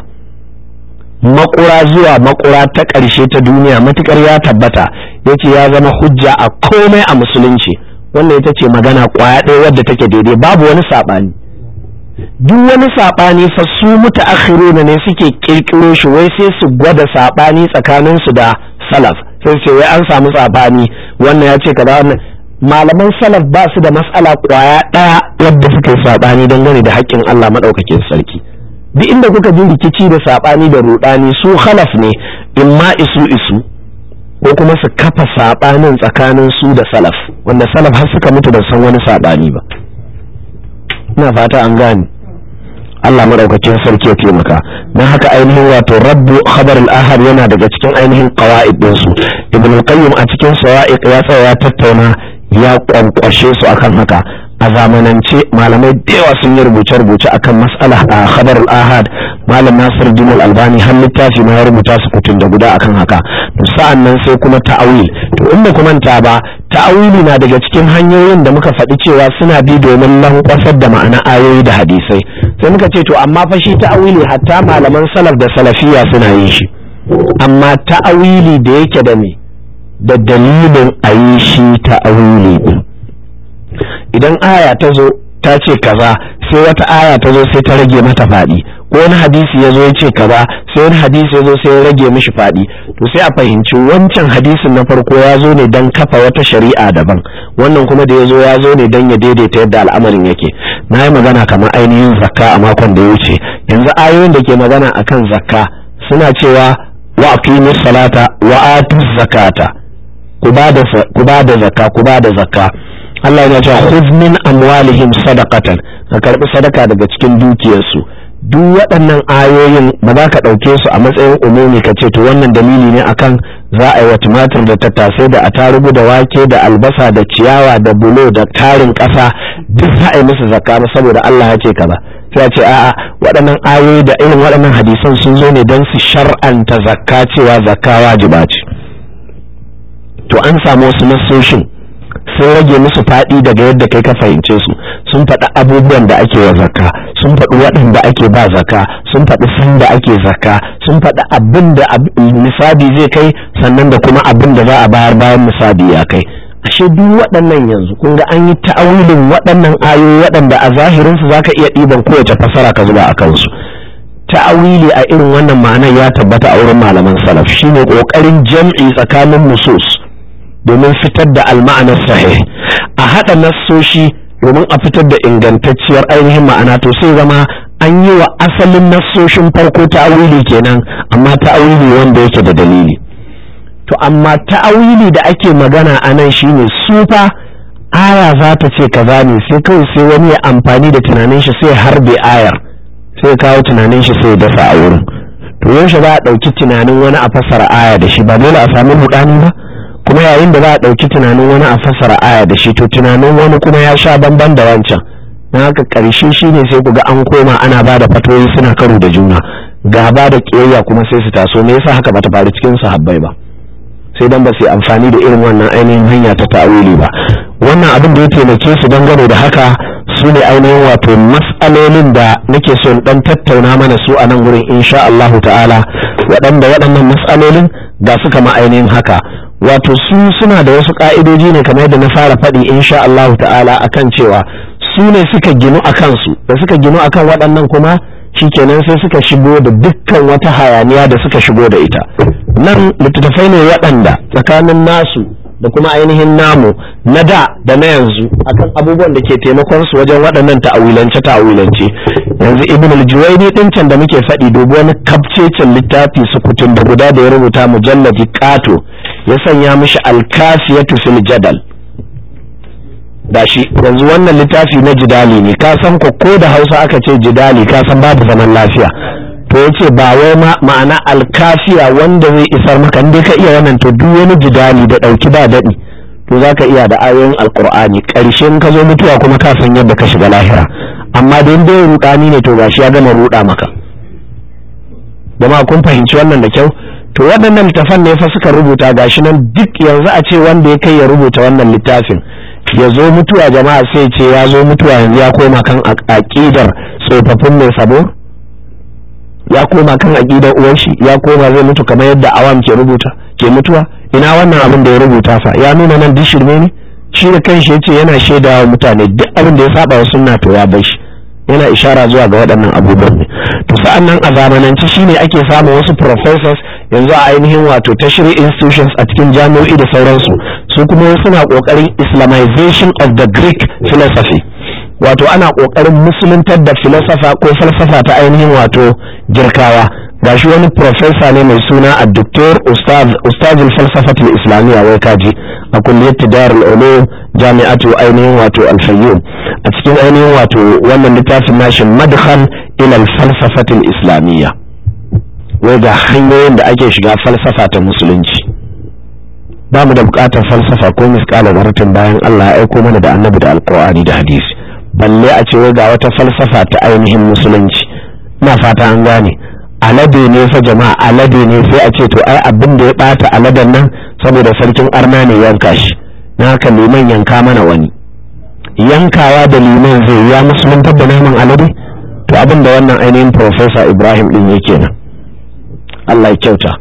makura zuwa makura ta ƙarshe ta duniya matukar ya tabbata yace ya zama hujja a komai a musulunci wannan ita ce magana kwaya ɗaya wadda take daidai babu wani saɓani duk wani saɓani fa su mutaakhiruna ne suke kirkiro shi wai sai su gwada saɓani tsakanin su da salaf sai ce wai an samu saɓani wannan ya ce kaza wannan malaman salaf ba su da matsala kwaya ɗaya wadda suke yi saɓani dangane da haƙƙin Allah maɗaukakin sarki duk inda kuka ji rikici da saɓani da ruɗani su khalaf ne imma isu isu ko kuma su kafa saɓanin tsakanin su da salaf wanda salaf har suka mutu da san wani saɓani ba ina fata an gane Allah maɗaukakin sarki ya taimaka don haka ainihin wato rabbu khabar al-ahad yana daga cikin ainihin qawaid din su ibnu qayyim a cikin sawa'iq ya tsaya ya tattauna ya kwankwashe su akan haka a zamanance malamai da yawa sun yi rubuce-rubuce akan mas'ala a ah, khabar ahad malam nasir din albani har littafi ma ya rubuta su kutun da guda akan haka to sa'an nan sai kuma ta'awil to in ba kuma manta ba ta'awili na daga cikin hanyoyin da muka faɗi cewa suna bi domin lankwasar da ma'ana ayoyi da hadisai sai muka ce to amma fa shi ta'awili hatta malaman salaf da salafiya suna yin shi amma ta'awili da yake da me da dalilin a yi shi ta'awili din idan aya ta zo ta ce kaza sai wata aya ta zo sai ta rage mata faɗi ko wani hadisi ya zo ya ce kaza sai wani hadisi ya zo sai ya rage mishi faɗi to sai a fahimci wancan hadisin na farko ya zo ne don kafa wata shari'a daban wannan kuma da ya zo ya zo ne don ya daidaita yadda al'amarin yake na yi magana kamar ainihin zakka a makon da ya wuce yanzu ayoyin da ke magana akan zakka suna cewa wa aqimu salata wa atu zakata ku ba da zakka ku ba da zakka Allah yana ce khudh min amwalihim sadaqatan ka karbi sadaka daga cikin dukiyarsu duk waɗannan ayoyin ba za ka ɗauke su a matsayin umumi ka ce to wannan dalili ne akan za a yi wa tumatir da tattasai da atarugu da wake da albasa da ciyawa da bulo da tarin ƙasa duk za a yi musu zakka saboda Allah ya ce ka ba sai ce a'a waɗannan ayoyi da irin waɗannan hadisan sun zo ne don su shar'anta zakka cewa zakka wajiba ce to an samu wasu nasoshin sun rage musu faɗi daga yadda kai ka fahimce su sun faɗi abubuwan da ake wa zakka sun faɗi waɗanda ake ba zakka sun faɗi da ake zakka sun faɗi abin da zai kai sannan da kuma abin za a bayar bayan misabi ya kai ashe duk waɗannan yanzu kun ga an yi ta'awilin waɗannan ayoyi waɗanda a zahirinsu za ka iya ɗiban kowace fasara ka zuba a kansu ta'awili a irin wannan ma'anar ya tabbata a wurin malaman salaf shine ƙoƙarin jam'i tsakanin musus domin fitar da alma'anar sahih a haɗa nassoshi domin a fitar da ingantacciyar ainihin ma'ana to sai zama an yi wa asalin nassoshin farko ta'awili kenan amma ta'awili wanda yake da dalili to amma ta'awili da ake magana a nan shine sufa aya za ta ce kaza ne sai kawai sai wani ya amfani da tunanin shi sai harbe ayar sai kawo tunanin shi sai dasa a wurin to yaushe za a ɗauki tunanin wani a fassara aya da shi ba dole a sami hudani ba kuma yayin da za a ɗauki tunanin wani a fasara aya da shi to tunanin wani kuma ya sha bamban da wancan na haka ƙarshe ne sai ku ga an koma ana ba da fatoyi suna karo da juna ga ba da ƙiyayya kuma sai su taso me yasa haka bata faru cikin sahabbai ba sai dan ba su yi amfani da irin wannan ainihin hanya ta ta'awili ba wannan abin da ya taimake su dangane da haka su ne ainihin wato mas'alolin da nake so in dan tattauna mana su a nan gurin insha Allah ta'ala waɗanda waɗannan mas'alolin ga su kama ainihin haka wato su suna da wasu ƙa'idoji ne kamar da na fara faɗi insha Allah ta'ala akan cewa su ne suka ginu a kansu da suka ginu akan waɗannan kuma shikenan sai suka shigo da dukkan wata hayaniya da suka shigo da ita nan littattafai ne waɗanda tsakanin nasu da kuma ainihin namu na da da na yanzu akan abubuwan da ke taimakon su wajen waɗannan ta'awilance ta'awilance yanzu ibn al-juwayni din can da muke faɗi dubu wani kabcecin littafi kutun da guda da ya rubuta mujalladi qato ya sanya mishi al-kafiyatu fil jadal shi yanzu wannan littafi na jidali ne ka san ko da Hausa aka ce jidali ka san babu zaman lafiya to ce ba wai ma ma'ana alkafiya wanda zai isar maka inda ka iya wannan to duk wani jidali da dauki ba dadi to zaka iya da ayoyin alqur'ani karshen ka zo mutuwa kuma ka san yadda ka shiga lahira amma da inda ya rudani ne to gashi ya gama ruda maka dama kun fahimci wannan da kyau to waɗannan littafan ne fa suka rubuta gashi nan duk yanzu a ce wanda ya kai ya rubuta wannan littafin ya zo mutuwa jama'a sai ce ya zo mutuwa yanzu ya koma kan aƙidar tsofaffin mai sabo ya koma kan aqidar uwan shi ya koma zai mutu kamar yadda awam ke rubuta ke mutuwa ina wannan abin da ya rubuta fa ya nuna nan duk shirme ne shi da kanshi yace yana shaidawa mutane duk abin da ya saba wa sunna to ya bar shi yana ishara zuwa ga waɗannan abubuwan ne to sa'an nan a zamanance shine ake samun wasu professors yanzu a ainihin wato tertiary institutions a cikin jami'o'i da sauransu su kuma suna kokarin islamization of the greek philosophy wato ana ƙoƙarin musuluntar da filosofa ko falsafa ta ainihin wato jirkawa girkawa shi wani profesa ne mai suna a doktor ustazul falsafatul islamiyya wai kaji a kulliyar tidar al'ulu jami'atu ainihin wato alfayyum a cikin ainihin wato wannan littafin nashi madhan ilal falsafatul islamiyya wai ga hanyoyin da ake shiga falsafa ta musulunci ba mu da bukatar falsafa ko misƙalar waratin bayan allah ya aiko mana da annabi da alkawari da hadisi balle a cewa ga wata falsafa ta ainihin musulunci na fata an gane alade ne fa jama'a alade ne sai a ce to ai abin da ya bata aladen nan saboda sarkin arna ne yanka shi na haka liman yanka mana wani yankawa da liman zai ya musulunta da naman alade to abin da wannan ainihin profesa ibrahim din yake nan allah ya kyauta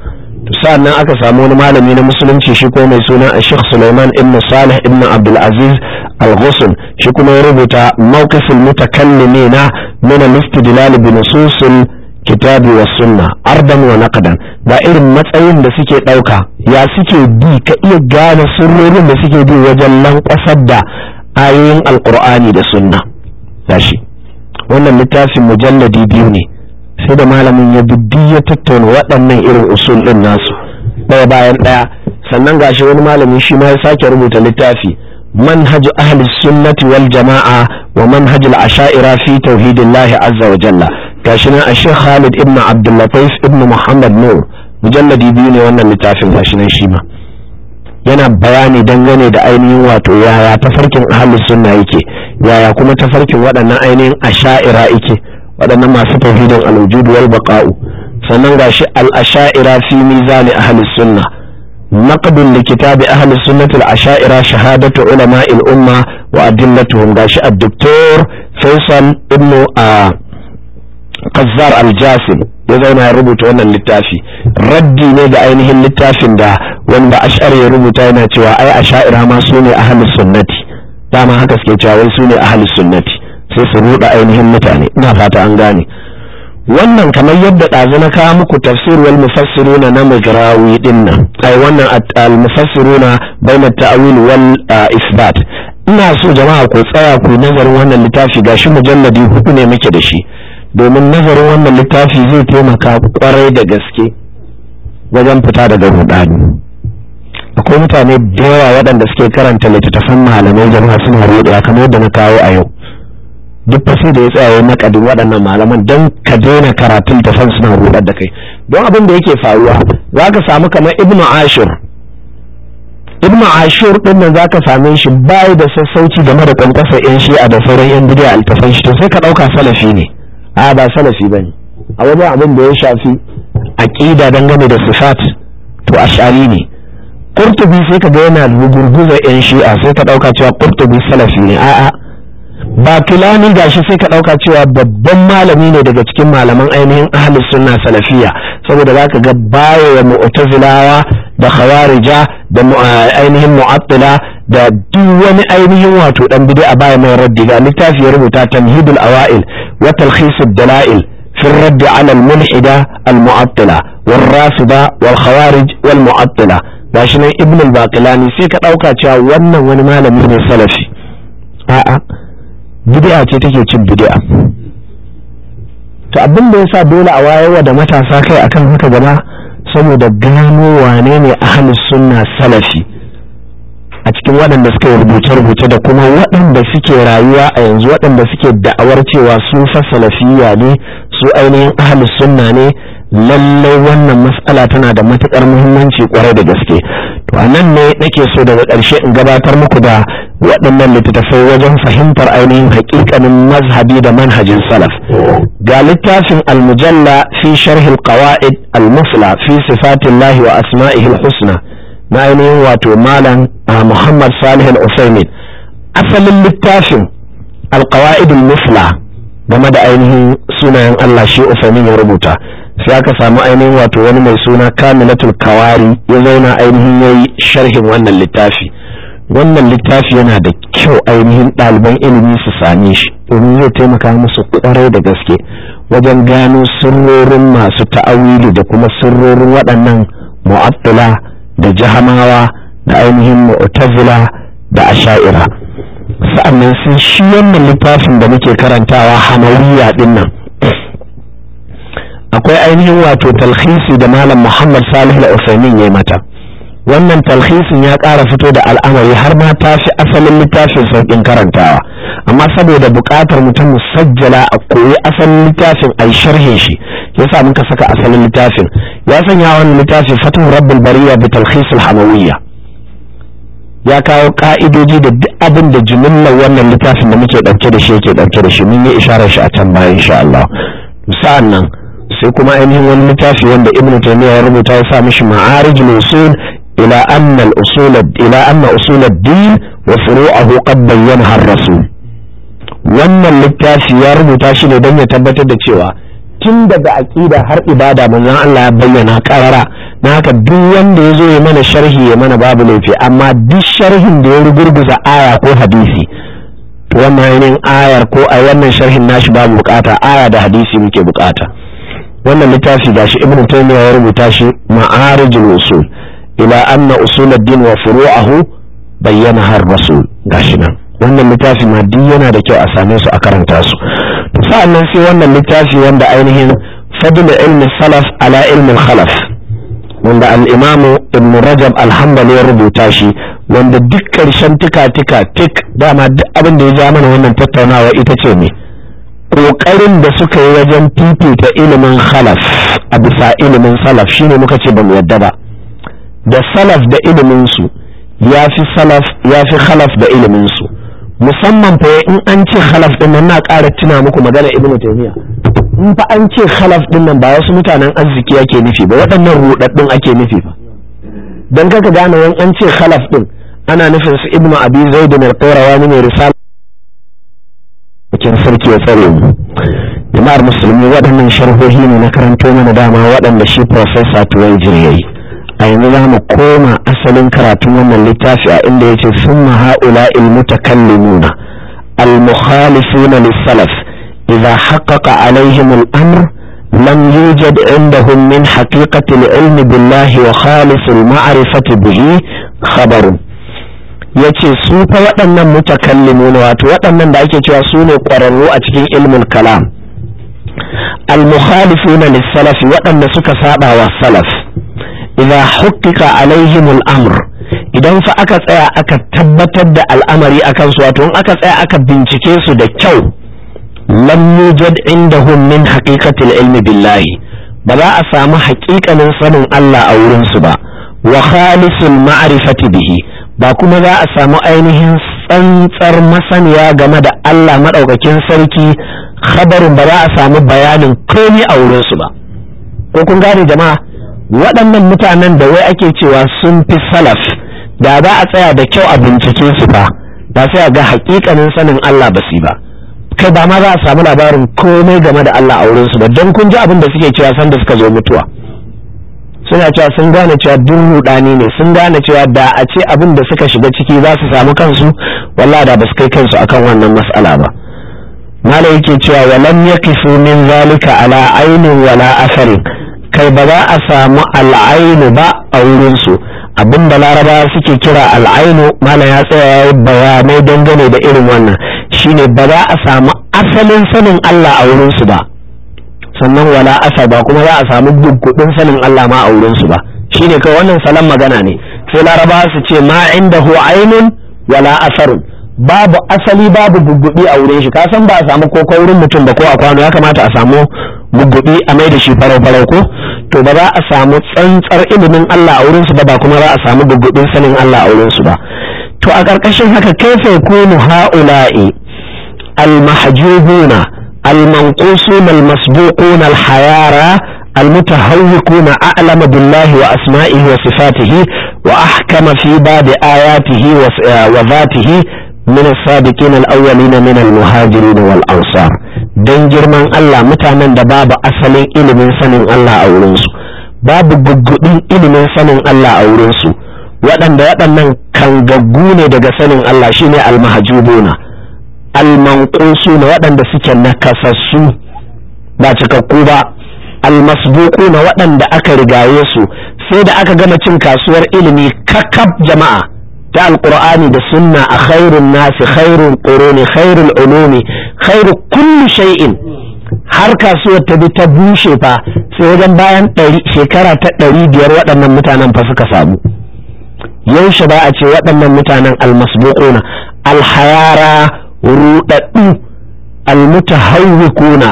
sa'an nan aka samu wani malami na musulunci shi ko mai suna a sheikh suleiman ibn salih ibn abdulaziz al-ghusl shi kuma ya rubuta mawqifil mutakallimina min al-istidlal bi nususil kitabi wa sunna ardan wa naqdan ba irin matsayin da suke dauka ya suke bi ka iya gane sunnonin da suke bi wajen lankwasar da ayoyin alqur'ani da sunna tashi wannan littafin mujalladi biyu ne sai da malamin ya biddi ya tattauna waɗannan irin usul ɗin nasu ɗaya bayan ɗaya sannan gashi wani malami shi ma ya sake rubuta littafi manhaj ahli sunnati jama'a wa manhaj al asha'ira fi tauhidillahi Azzawajalla, wa a gashi Khalid ibn Abdullafais ibn Muhammad Nur mujalladi biyu ne wannan littafin gashi nan yana bayani dangane da ainihin wato yaya tafarkin ahlus sunna yake yaya kuma tafarkin waɗannan ainihin asha'ira yake waɗannan masu tauhidin al-wujud wal baqa'u sannan gashi al-asha'ira fi mizani ahlus sunna likita نقد لكتاب أهل السنة العشائرة شهادة علماء الأمة وأدلتهم داش الدكتور فيصل ابن Kazzar الجاسم ya zauna ya rubuta wannan littafi raddi ne ga ainihin littafin da wanda ash'ar ya rubuta yana cewa ai asha'ira ma su ne ahlus sunnati dama haka suke cewa wai su ne ahlus sunnati sai su ruda ainihin mutane ina fata an gane wannan kamar yadda ɗazu na kawo muku tafsir wal mufassiruna na majrawi din nan ai wannan al ta'awil wal isbat ina so jama'a ku tsaya ku nazarin wannan littafi gashi mujalladi hudu ne muke da shi domin nazarin wannan littafi zai taimaka kwarai da gaske wajen fita daga rudani akwai mutane da yawa waɗanda suke karanta littattafan malamai jama'a suna rudewa kamar yadda na kawo a yau duk fa sai da ya tsaya kadin waɗannan malaman don ka daina karatun da fan suna rudar da kai don abin da yake faruwa za ka samu kamar ibnu ashir ibnu ashur din nan za ka same shi Ba da sassauci game da kwankwasa yan shi'a da sauran yan bidiyar altafan shi to sai ka ɗauka salafi ne a ba salafi ba ne a wajen abin da ya shafi aƙida dangane da sifat to ashari ne kurtubi sai ka ga yana rugurguza yan shi'a sai ka ɗauka cewa kurtubi salafi ne a'a ba tulani gashi sai ka ɗauka cewa babban malami ne daga cikin malaman ainihin ahlus sunna salafiya saboda za ka ga baya wa mu'tazilawa da khawarija da ainihin mu'attila da duk wani ainihin wato dan bid'a baya mai raddi ga littafi ya rubuta tamhidul awa'il wa talkhis al dalail al الرد على الملحدة المعطلة والرافضة wal mu'attila gashi nan ibn al-baqilani sai ka ɗauka cewa wannan wani malami ne salafi a'a bid'a ce take cin bid'a to abin da sa dole a wayarwa da matasa kai akan haka gaba saboda gano wane ne ahlus sunna salafi a cikin waɗanda suka yi rubuce-rubuce da kuma waɗanda suke rayuwa a yanzu waɗanda suke da'awar cewa su fa salafiyya ne su ainihin ahlus sunna ne lallai wannan matsala tana da matukar muhimmanci kwarai da gaske to a nan ne nake so daga ƙarshe in gabatar muku da waɗannan littattafai wajen fahimtar ainihin haƙiƙanin mazhabi da manhajin salaf ga littafin almujalla fi sharhi kawa'id almufla fi sifatillahi wa asma'ihil husna. na ainihin wato malam muhammad salih al-usaimin asalin littafin alkawa'idin musla game da ainihin sunayen allah shi usaimin ya rubuta sai aka samu ainihin wato wani mai suna kamilatul kawari ya zauna ainihin ya yi sharhin wannan littafi wannan littafi yana da kyau ainihin ɗaliban ilimi su same shi domin zai taimaka musu kwarai da gaske wajen gano sirrorin masu ta'awili da kuma sirrorin waɗannan mu'abdula da jahamawa da ainihin mu'tazila da asha'ira sa'annan sai shi wannan littafin da muke karantawa hanawiya din nan akwai ainihin wato talhisi da malam muhammad salih al-usaimin ya mata wannan talhisin ya ƙara fito da al'amari har ma ta fi asalin littafin sauƙin karantawa amma saboda buƙatar mutum musajjala a koyi asalin littafin a sharhin shi yasa muka saka asalin littafin ya sanya wani littafi fatahu rabbul bariya bi talhisul hamawiyya ya kawo ka'idoji da duk abin da jimillar wannan littafin da muke ɗauke da shi yake ɗauke da shi mun yi isharar shi a can baya insha Allah sa'an nan sai kuma ainihin wani littafi wanda ibn taymiya ya rubuta ya sa mishi ma'arij usul ila anna al-usul ila anna usul ad-din wa furu'ahu qad bayyana ar-rasul wannan littafi ya rubuta shi ne don ya tabbatar da cewa tun daga aqida har ibada manzon Allah ya bayyana karara na haka duk wanda ya zo ya mana sharhi ya mana babu laifi amma duk sharhin da ya rugurguza aya ko hadisi to wannan ayar ko a wannan sharhin nashi babu bukata aya da hadisi muke bukata wannan littafi gashi ibnu taymiya ya rubuta shi ma'arijul usul ila anna usuluddin wa furu'ahu bayyana har rasul gashi nan wannan littafi ma duk yana da kyau a same su a karanta su sa'annan sai wannan littafi wanda ainihin fadlu ilmi salaf ala ilmin khalaf wanda al-imam ibn rajab al-hanbali ya rubuta shi wanda duk karshen tika tika tik dama duk abin da ya ja mana wannan tattaunawa ita ce me kokarin da suka yi wajen fifita ilimin khalaf a bisa ilimin salaf shine muka ce bamu yadda ba da salaf da ilimin su ya fi salaf ya fi khalaf da ilimin su musamman fa in an ce khalaf din nan na ƙara tuna muku magana ibnu taymiya in fa an ce khalaf din nan ba wasu mutanen arziki ake nufi ba waɗannan rudaddun ake nufi ba. dan kaka gane wani an ce khalaf din ana nufin su ibnu abi zaid bin al ne mai risala cikin sarki ya tsare mu jama'ar musulmi waɗannan sharhohi ne na karanto mana dama waɗanda shi professor tuwai yayi a yanzu za mu koma asalin karatun wannan littafi a inda yace sun haula il mutakallimuna al mukhalifuna lis salaf idza haqqaqa alaihim al amr لم يوجد عندهم من billahi wa بالله وخالص المعرفة به خبر yace su fa waɗannan mutakallimun wato waɗannan da ake cewa su ne ƙwararru a cikin ilmin kalam al-mukhalifuna lis waɗanda suka saba wa salaf idza hukika alaihimul amr idan fa aka tsaya aka tabbatar da al'amari akan su wato in aka tsaya aka bincike su da kyau lam yujad indahum min haqiqatil ilmi billahi ba za a samu haƙiƙanin sanin Allah a wurin su ba wa khalisul ma'rifati bihi ba kuma za a samu ainihin tsantsar masaniya game da Allah madaukakin sarki khabarin ba za a samu bayanin komai a wurin su ba ko kun gane jama'a waɗannan mutanen da wai ake cewa sun fi salaf da za a tsaya da kyau a binciken su fa ba sai a ga hakikanin sanin Allah ba ba kai ba ma za a samu labarin komai game da Allah a wurin su ba don kun ji abin da suke cewa san da suka zo mutuwa suna cewa sun gane cewa duk rudani ne sun gane cewa da a ce abin da suka shiga ciki za su samu kansu wallahi da ba su kai kansu akan wannan mas'ala ba malai yake cewa walam yaqifu min zalika ala ainin wala asarin kai ba za a samu al'ainu ba a wurinsu abin da laraba suke kira al'ainu mana ya tsaya ya yi bayanai dangane da irin wannan shine ba za a samu asalin sanin Allah a wurinsu ba sannan wala asa ba kuma za a samu gudgudun sanin Allah ma a wurinsu ba shine kai wannan salon magana ne sai laraba su ce ma inda hu ainun wala asarun babu asali babu gugguɗi a wurin shi kasan ba a samu ko wurin mutum ba ko a kwano ya kamata a samu gugguɗi a mai da shi farau farau ko to ba za a samu tsantsar ilimin Allah a wurin su ba ba kuma za a samu gugguɗin sanin Allah a wurin su ba to a ƙarƙashin haka kaifa yakunu haula'i al-mahjubuna al-manqusuna al al-hayara المتهوكون أعلم بالله وأسمائه وصفاته وأحكم في باب آياته وذاته min as-sabiqin al-awwalin min al-muhajirin wal ansar dan girman Allah mutanen da babu asalin ilimin sanin Allah a wurin babu guggudin ilimin sanin Allah a wurin su waɗanda waɗannan kangaggu ne daga sanin Allah shine al-mahjubuna al waɗanda suke nakasassu ba cikakku ba almasbuku na waɗanda aka rigaye su sai da aka gama cin kasuwar ilimi kakab jama'a ta Alƙur'ani da sunna a khairun nasi khairin quruni khairul ulumi khairu kulli shay'in har kasuwar ta bi ta bushe fa sai wajen bayan shekara ta ɗari biyar waɗannan mutanen fa suka samu yaushe ba a ce waɗannan mutanen almasbuquna alhayara ruɗaɗɗu almutahawwiquna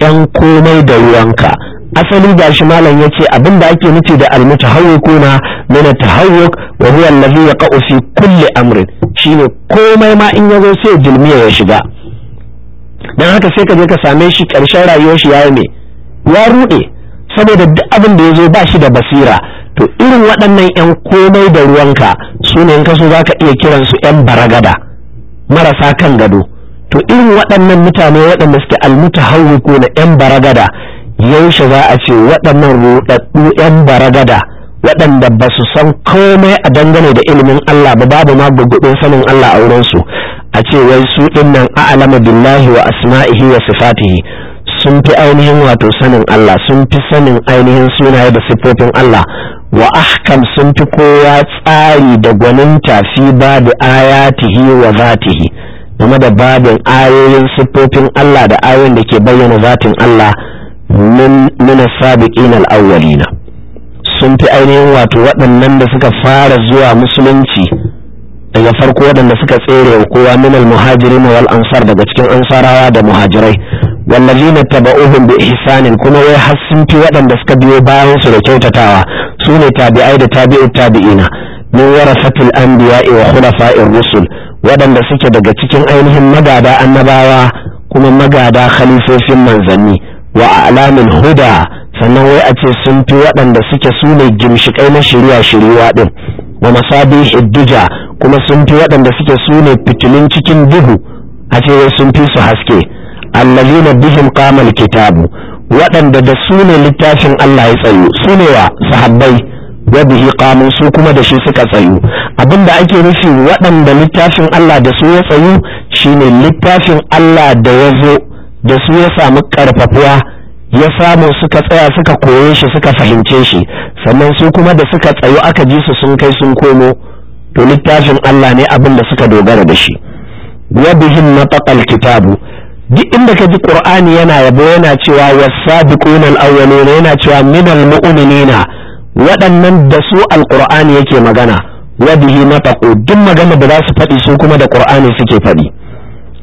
yan komai da ruwanka asali ga shi malam ya ce abin da ake nufi da kuna na at-tahawwuk wa huwa allazi yaqa'u fi kulli amrin shine komai ma in ya zo sai jilmiya ya shiga dan haka sai ka je ka same shi karshen rayuwar shi yayi ne ya rude saboda duk abin da yazo ba shi da basira to irin waɗannan yan komai da ruwanka su ne in ka so zaka iya kiransu yan baragada marasa kan gado to irin waɗannan mutane waɗanda suke almutahawwiku na yan baragada yaushe za a ce waɗannan ruɗaɗɗu 'yan baragada waɗanda ba su san komai a dangane da ilimin Allah ba babu ma gugudun sanin Allah a wurinsu a ce wai su ɗin nan a'lama billahi wa asma'ihi wa sifatihi sun fi ainihin wato sanin Allah sun fi sanin ainihin sunaye da siffofin Allah wa ahkam sun fi kowa tsari da gwaninta fi babu ayatihi wa zatihi game da babin ayoyin siffofin Allah da ayoyin da ke bayyana zatin Allah min as-sabiqin al-awwalina sun fi ainihin wato waɗannan da suka fara zuwa musulunci daga farko waɗanda suka tsere kowa min al-muhajirin wal ansar daga cikin ansarawa da muhajirai wallazina taba'uhum bi ihsanin kuma wai har sun fi waɗanda suka biyo bayan su da kyautatawa su ne tabi'ai da tabi'ut tabi'ina min warasatil anbiya'i wa khulafa'ir rusul waɗanda suke daga cikin ainihin magada annabawa kuma magada khalifofin manzanni wa alamin huda sannan wai a ce sun fi waɗanda suke su ne gimshiƙai na shirya shiriwa ɗin wa masabi hidduja kuma sun fi waɗanda suke su ne fitilun cikin duhu a ce wai sun fi su haske allazina bihim qamal kitabu waɗanda da su ne littafin Allah ya tsayu su ne wa sahabbai wa bihi qamu su kuma da shi suka tsayu abinda ake nufi waɗanda littafin Allah da su ya tsayu shine littafin Allah da ya zo da su ya samu karfafuwa ya samu suka tsaya suka koye shi suka fahimce shi sannan su kuma da suka tsayo aka ji su sun kai sun komo to littafin Allah ne abin da suka dogara da shi wa bihin nataqal kitabu duk inda ka ji qur'ani yana yabo yana cewa was-sabiquna al-awwaluna yana cewa minal mu'minina waɗannan da su alqur'ani yake magana wa bihi nataqu duk magana da za su faɗi su kuma da qur'ani suke faɗi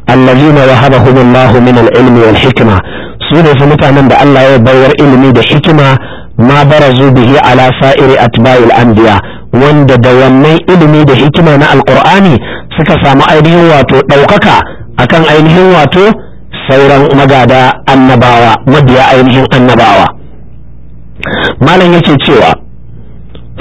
allazina wahabahumullahu min al-ilmi wal hikma su ne su mutanen da Allah ya bayar ilimi da hikima ma barazu bihi ala sa'iri atba'il anbiya wanda da wannan ilimi da hikima na alqur'ani suka samu ainihin wato ɗaukaka akan ainihin wato sauran magada annabawa mabiya ainihin annabawa malam yake cewa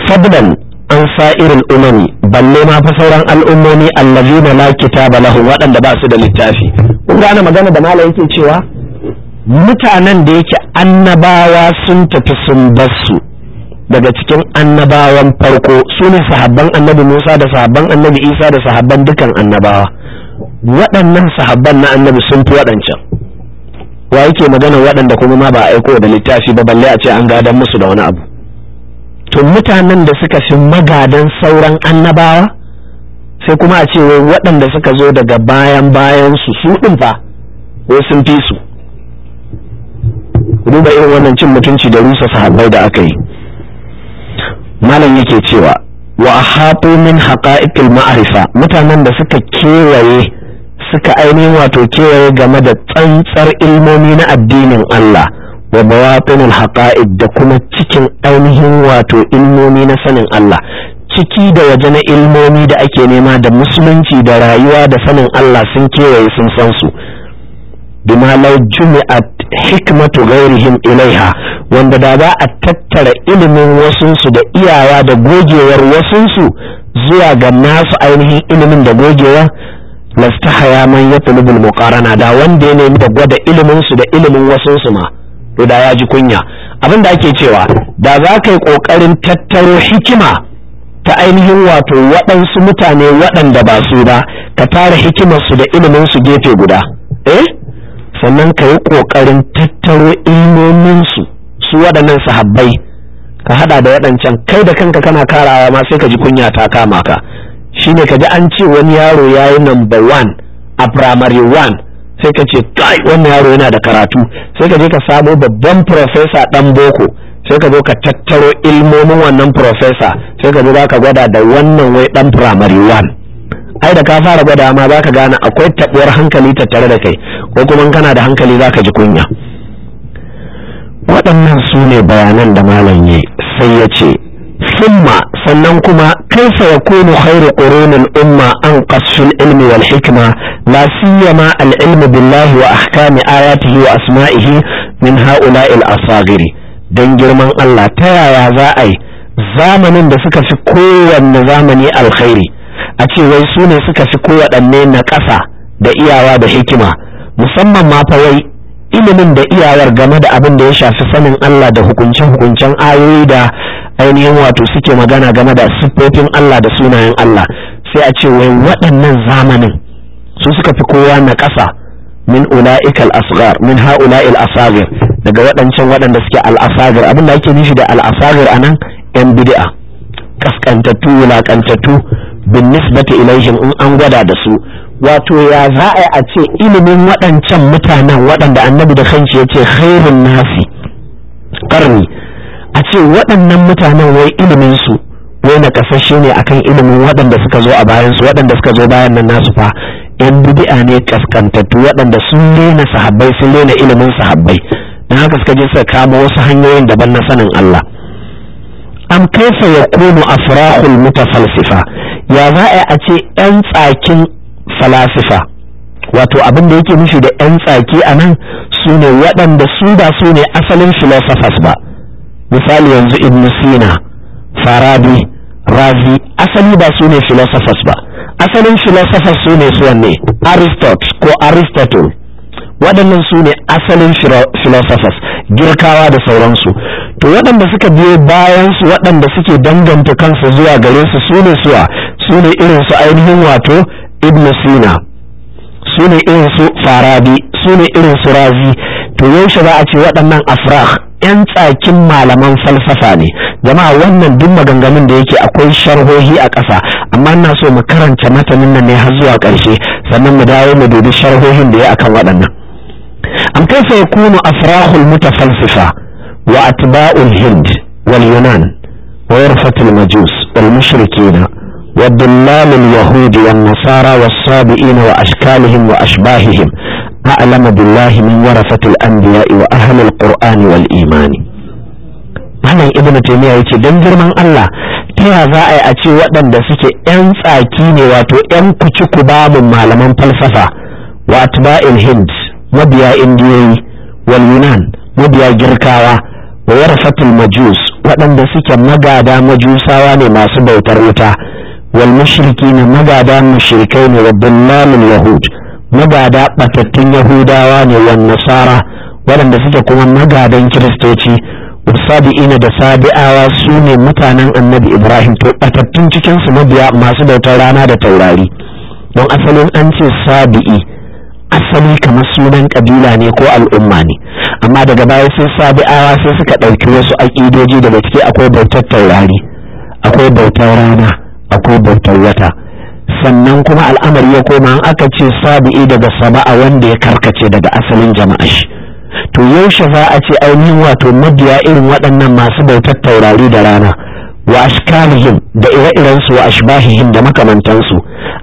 fadlan an sa'irin umami balle ma fa sauran al'ummomi allazina la kitaba lahum waɗanda ba su da littafi kun gane magana da malam yake cewa mutanen da yake annabawa sun tafi sun basu daga cikin annabawan farko su ne sahabban annabi Musa da sahabban annabi Isa da sahabban dukan annabawa waɗannan sahabban na annabi sun fi waɗancan wa yake magana waɗanda kuma ma ba a aiko da littafi ba balle a ce an gadan musu da wani abu to mutanen da suka fi magadan sauran annabawa sai kuma a ce waɗanda suka zo daga bayan bayan su su ɗin fa wai sun fi su duba irin wannan cin mutunci da rusa sahabbai da aka yi malam yake cewa wa hafu min haqa'iqil ma'rifa mutanen da suka kewaye suka ainihin wato kewaye game da tsantsar ilmomi na addinin Allah wa bawatinul haqa'iq da kuma cikin ainihin wato ilmomi na sanin Allah ciki da waje na ilmomi da ake nema da musulunci da rayuwa da sanin Allah sun kewaye sun san su bima law jumi'at hikmatu ghairihim ilaiha wanda da za a tattara ilimin wasunsu da iyawa da gogewar wasunsu zuwa ga nasu ainihin ilimin da gogewa lastahaya man yatlubul muqarana da wanda ya nemi da gwada ilimin su da ilimin wasunsu ma to da ya ji kunya abin da ake cewa da za ka yi ƙoƙarin tattaro hikima ta ainihin wato waɗansu mutane waɗanda ba su ba ka tara hikimarsu da iliminsu gefe guda eh sannan ka yi ƙoƙarin tattaro ilmominsu su waɗannan sahabbai ka haɗa da waɗancan kai da kanka kana karawa ma sai ka ji kunya ta kama ka shine ka ji an ce wani yaro ya yi number one a primary one sai ka ce kai wannan yaro yana da karatu sai ka je ka samo babban profesa dan boko sai ka zo ka tattaro ilmomin wannan profesa sai ka zo za ka gwada da wannan wai dan primary one ai da ka fara gwada ma za ka gane akwai tabuwar hankali tattare da kai ko kuma kana da hankali za ka ji kunya waɗannan su ne bayanan da malam ya sai ya ce thumma sannan kuma kaifa yakunu khairu qurunil umma an qasfil ilmi wal hikma la siyama al ilmu billahi wa ahkami ayatihi wa asma'ihi min ha'ula'i al asagiri don girman Allah ta yaya za a yi zamanin da suka fi kowanne zamani alkhairi a ce wai su ne suka fi kowaɗanne na ƙasa da iyawa da hikima musamman ma fa wai ilimin da iyawar game da abin da ya shafi sanin Allah da hukunce-hukuncen ayoyi da ainihin wato suke magana game da siffofin Allah da sunayen Allah sai a ce wai waɗannan zamanin su suka fi kowa na ƙasa min ula'ikal asghar min ha'ula'il asagir daga waɗancan waɗanda suke al'asagir abin da ake nishi da al'asagir a nan yan bid'a kaskantattu wulaƙantattu bin nisbati ilaihim in an gwada da su wato ya za a ce ilimin waɗancan mutanen waɗanda annabi da kanshi ya ce khairun nasi karni a ce waɗannan mutanen wai ilimin su wai na kasashe ne akan ilimin waɗanda suka zo a bayan su waɗanda suka zo bayan nan nasu fa yan bid'a ne kaskantattu waɗanda sun rena sahabbai sun rena ilimin sahabbai dan haka suka je suka kama wasu hanyoyin daban na sanin Allah am kaifa yakunu afrahul mutafalsifa ya za a ce yan tsakin falasifa wato abin da yake nufi da yan tsaki a nan su ne waɗanda su ba su ne asalin philosophers ba misali yanzu ibn sina farabi razi asali ba su ne philosophers ba asalin philosophers su ne su wanne aristotle ko aristotle waɗannan su ne asalin philosophers girkawa da sauransu to waɗanda suka biyo bayansu waɗanda suke danganta kansu zuwa gare su su ne suwa su ne irin su ainihin wato ibn sina su ne irin su farabi su ne irin su razi to yaushe za a ce waɗannan afrah 'yan tsakin malaman falsafa ne jama'a wannan duk maganganun da yake akwai sharhohi a ƙasa amma ina so mu karanta matanin nan ne har zuwa ƙarshe sannan mu dawo mu dubi sharhohin da ya akan waɗannan am kaifa yakunu afrahul mutafalsifa wa atba'ul hind wal yunan wa yarfatul majus wal mushrikina والضلال اليهود wa والصابئين wa ashbahihim A'a, billahi min warafatil anbiya'i wa ahlil qur'ani wal imani malam ibn taymiya yace dan girman Allah ta ya za a yi a ce waɗanda suke yan tsaki ne wato yan kuci kubabun malaman falsafa wa atba'il hind mabiya indiyoyi wal yunan mabiya girkawa wa warafatul majus waɗanda suke magada majusawa ne masu bautar wuta wal mushriki ne magada mushrikai ne wa dallalul yahud magada batattun yahudawa ne wan nasara waɗanda suke kuma magadan kiristoci sabi'ina da sabi'awa su ne mutanen annabi ibrahim to batattun cikin su mabiya masu bautar rana da taurari don asalin an ce sabi'i asali kamar sunan kabila ne ko al'umma ne amma daga baya sai sabi'awa sai suka ɗauki wasu aƙidoji daga ciki akwai bautar taurari akwai bautar rana akwai bautar wata sannan kuma al'amari ya koma aka ce sabi'i daga saba'a wanda ya karkace daga asalin jama'a shi to yaushe za a ce ainihin wato mabiya irin waɗannan masu bautar taurari da rana wa ashkalihim da ire-irensu wa ashbahihim da makamantansu